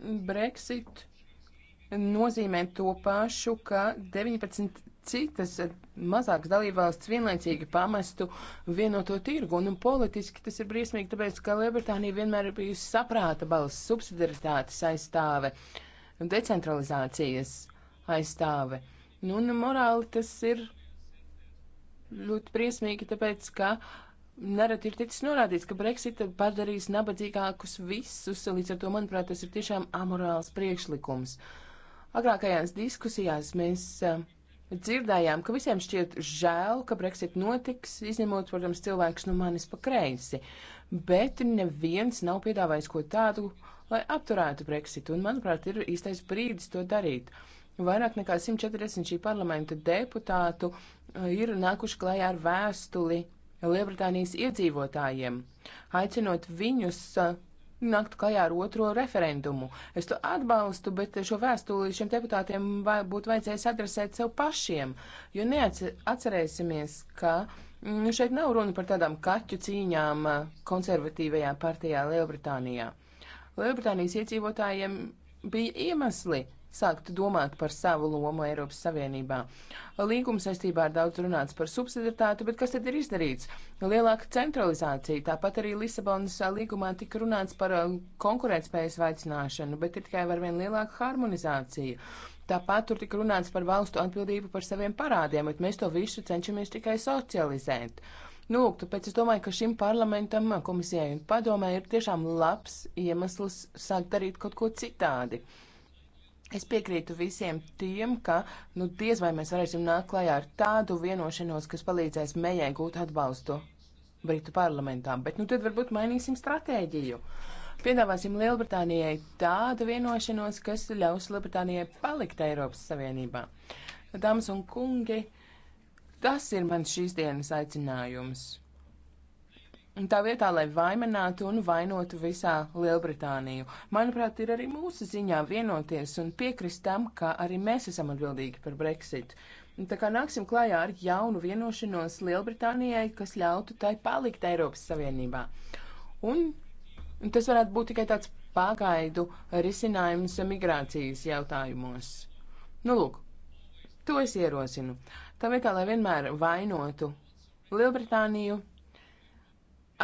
Brexit nozīmē to pašu, ka 19 citas mazākas dalībvalstis vienlaicīgi pamestu vienoto tirgu. Un, un politiski tas ir briesmīgi, tāpēc, ka Lielbritānija vienmēr ir bijusi saprāta balss, subsidiaritātes aizstāve, decentralizācijas aizstāve. Nu, un morāli tas ir ļoti briesmīgi, tāpēc, ka uh, Nereti ir ticis norādīts, ka Brexit padarīs nabadzīgākus visus, līdz ar to, manuprāt, tas ir tiešām amorāls priekšlikums. Agrākajās diskusijās mēs uh, dzirdējām, ka visiem šķiet žēl, ka Brexit notiks, izņemot, protams, cilvēkus no manis pa kreisi, bet neviens nav piedāvājis ko tādu, lai apturētu Brexit, un, manuprāt, ir īstais brīdis to darīt. Vairāk nekā 140 šī parlamenta deputātu eh, ir nākuši klajā ar vēstuli Lielbritānijas iedzīvotājiem, aicinot viņus uh, nakt klajā ar otro referendumu. Es to atbalstu, bet šo vēstuli šiem deputātiem būtu vajadzējis adresēt sev pašiem, jo neatcerēsimies, ka mm, šeit nav runa par tādām kaķu cīņām uh, konservatīvajā partijā Lielbritānijā. Lielbritānijas iedzīvotājiem bija iemesli sāktu domāt par savu lomu Eiropas Savienībā. Līgums saistībā ir daudz runāts par subsidiaritāti, bet kas tad ir izdarīts? Lielāka centralizācija, tāpat arī Lisabonas līgumā tika runāts par uh, konkurētspējas veicināšanu, bet ir tikai arvien lielāka harmonizācija. Tāpat tur tika runāts par valstu atbildību par saviem parādiem, bet mēs to visu cenšamies tikai socializēt. Nu, tāpēc es domāju, ka šim parlamentam, komisijai un padomē ir tiešām labs iemesls sākt darīt kaut ko citādi. Uh, Es piekrītu visiem tiem, ka nu, diez vai mēs varēsim nākt klajā ar tādu vienošanos, kas palīdzēs mējai gūt atbalstu Britu parlamentām, bet nu, tad varbūt mainīsim stratēģiju. Piedāvāsim Lielbritānijai tādu vienošanos, kas ļaus Lielbritānijai palikt Eiropas Savienībā. Dāmas un kungi, tas ir mans šīs dienas aicinājums. Tā vietā, lai vainotu un vainotu visā Lielbritāniju, manuprāt, ir arī mūsu ziņā vienoties un piekrist tam, ka arī mēs esam atbildīgi par Brexit. Tā kā nāksim klajā ar jaunu vienošanos Lielbritānijai, kas ļautu tai palikt Eiropas Savienībā. Un, un tas varētu būt tikai tāds pagaidu risinājums migrācijas jautājumos. Nu, lūk, to es ierosinu. Tā vietā, lai vienmēr vainotu Lielbritāniju,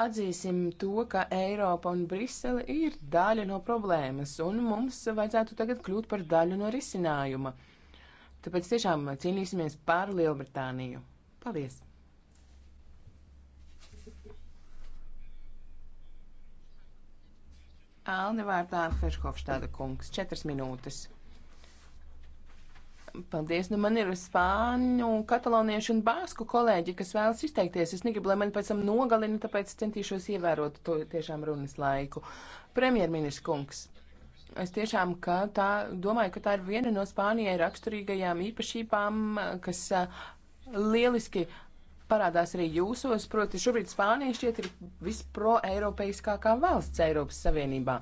Atzīsim to, ka Eiropa un Brisele ir daļa no problēmas, un mums vajadzētu tagad kļūt par daļu no risinājuma. Tāpēc tiešām cīnīsimies par Lielbritāniju. Paldies! Alni vārdā Fešhofštāda kungs, četras minūtes. Paldies, nu man ir spāņu, kataloniešu un bāsku kolēģi, kas vēlas izteikties. Es negribu, lai mani pēc tam nogalina, tāpēc centīšos ievērot to tiešām runas laiku. Premjerministrs kungs, es tiešām tā, domāju, ka tā ir viena no Spānijai raksturīgajām īpašībām, kas lieliski parādās arī jūsos, proti šobrīd Spānija šķiet ir visproeiropeiskākā valsts Eiropas Savienībā,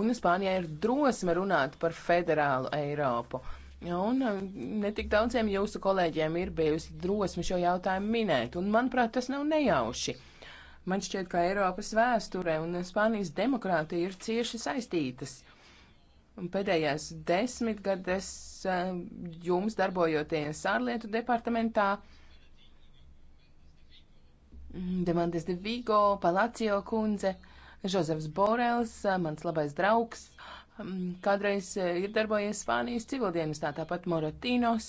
un Spānijā ir drosme runāt par federālu Eiropu. Uh, Un um, netik daudziem jūsu kolēģiem ir bijusi drosme šo jautājumu minēt, un manuprāt, tas nav nejauši. Man šķiet, ka Eiropas vēsture un Spānijas demokrātija ir cieši saistītas. Un pēdējās desmitgades um, jums darbojoties ārlietu departamentā, Demandes de Vigo, Palacio kundze, Žozefs Borels, mans labais draugs, Mm, kādreiz eh, ir darbojies Spānijas civildienestā, tāpat Moratinos.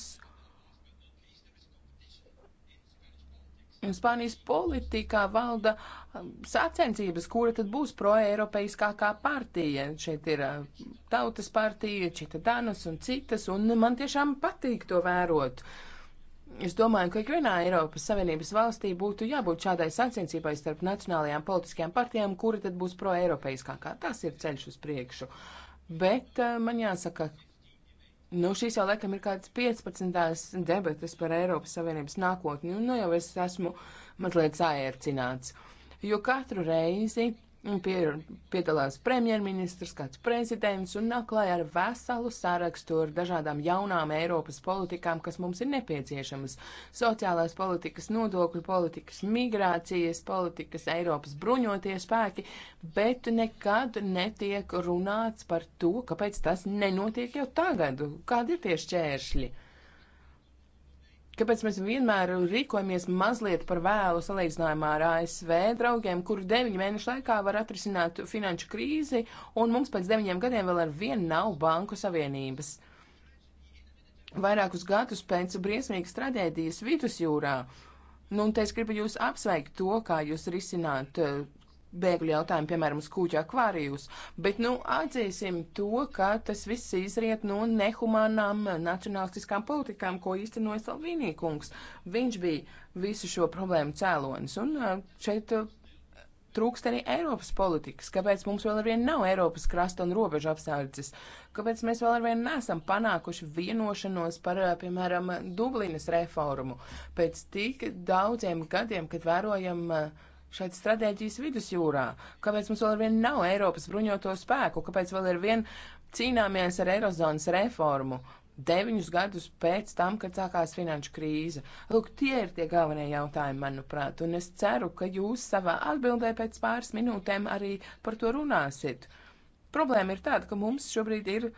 Spānijas politikā valda mm, sacensības, kura tad būs proeiropeiskākā partija. Šeit ir eh, tautas partija, Čita Danas un citas, un man tiešām patīk to vērot. Es domāju, ka ikvienā Eiropas Savienības valstī būtu jābūt šādai sacensībai starp nacionālajām politiskajām partijām, kura tad būs proeiropeiskākā. Tas ir ceļš uz priekšu. Uh, Bet eh, man jāsaka, nu šīs jau laikam ir kādas 15. debatas par Eiropas Savienības nākotni, un nu jau es esmu mazliet saērcināts. Jo katru reizi Pie, piedalās premjerministrs, kāds prezidents un nāk klājā ar veselu sarakstu ar dažādām jaunām Eiropas politikām, kas mums ir nepieciešamas. Sociālās politikas, nodokļu politikas, migrācijas politikas, Eiropas bruņotie spēki, bet nekad netiek runāts par to, kāpēc tas nenotiek jau tagad, kādi ir tie šķēršļi. Kāpēc mēs vienmēr rīkojamies mazliet par vēlu salīdzinājumā ar ASV draugiem, kuri deviņu mēnešu laikā var atrisināt finanšu krīzi, un mums pēc deviņiem gadiem vēl ar vienu nav banku savienības? Vairākus gadus pēc briesmīgas tragēdijas vidusjūrā. Nu, un te es gribu jūs apsveikt to, kā jūs risināt eh, bēgļu jautājumu, piemēram, uz kūģa akvārijus, bet, nu, atzīsim to, ka tas viss izriet no nehumānām nacionālistiskām politikām, ko īstenoja Salvīnī kungs. Viņš bija visu šo problēmu cēlonis, un uh, šeit uh, trūkst arī Eiropas politikas, kāpēc mums vēl arvien nav Eiropas krasta un robežu apsardzes, kāpēc mēs vēl arvien nesam panākuši vienošanos par, uh, piemēram, Dublinas reformu pēc tik daudziem gadiem, kad vērojam uh, šeit stratēģijas vidusjūrā? Kāpēc mums vēl vien nav Eiropas bruņoto spēku? Kāpēc vēl ir vien cīnāmies ar Eirozonas reformu? Deviņus gadus pēc tam, kad sākās finanšu krīze. Lūk, tie ir tie galvenie jautājumi, manuprāt, un es ceru, ka jūs savā atbildē pēc pāris minūtēm arī par to runāsiet. Problēma ir tāda, ka mums šobrīd ir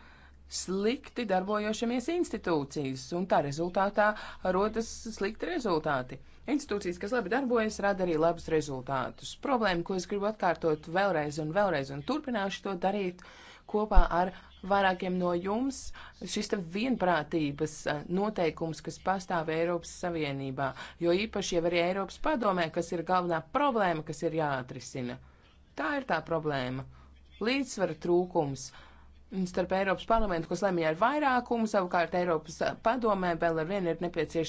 slikti darbojošamies institūcijas, un tā rezultātā rodas slikti rezultāti. Institūcijas, kas labi darbojas, rada arī labus rezultātus. Problēma, ko es gribu atkārtot vēlreiz un vēlreiz un turpināšu to darīt kopā ar vairākiem no jums, šis te vienprātības noteikums, kas pastāv Eiropas Savienībā, jo īpaši jau arī Eiropas padomē, kas ir galvenā problēma, kas ir jāatrisina. Tā ir tā problēma. Līdzsvara trūkums starp Eiropas parlamentu, kas lemj ar vairākumu, savukārt Eiropas padomē vēl ar vienu ir nepieciešama.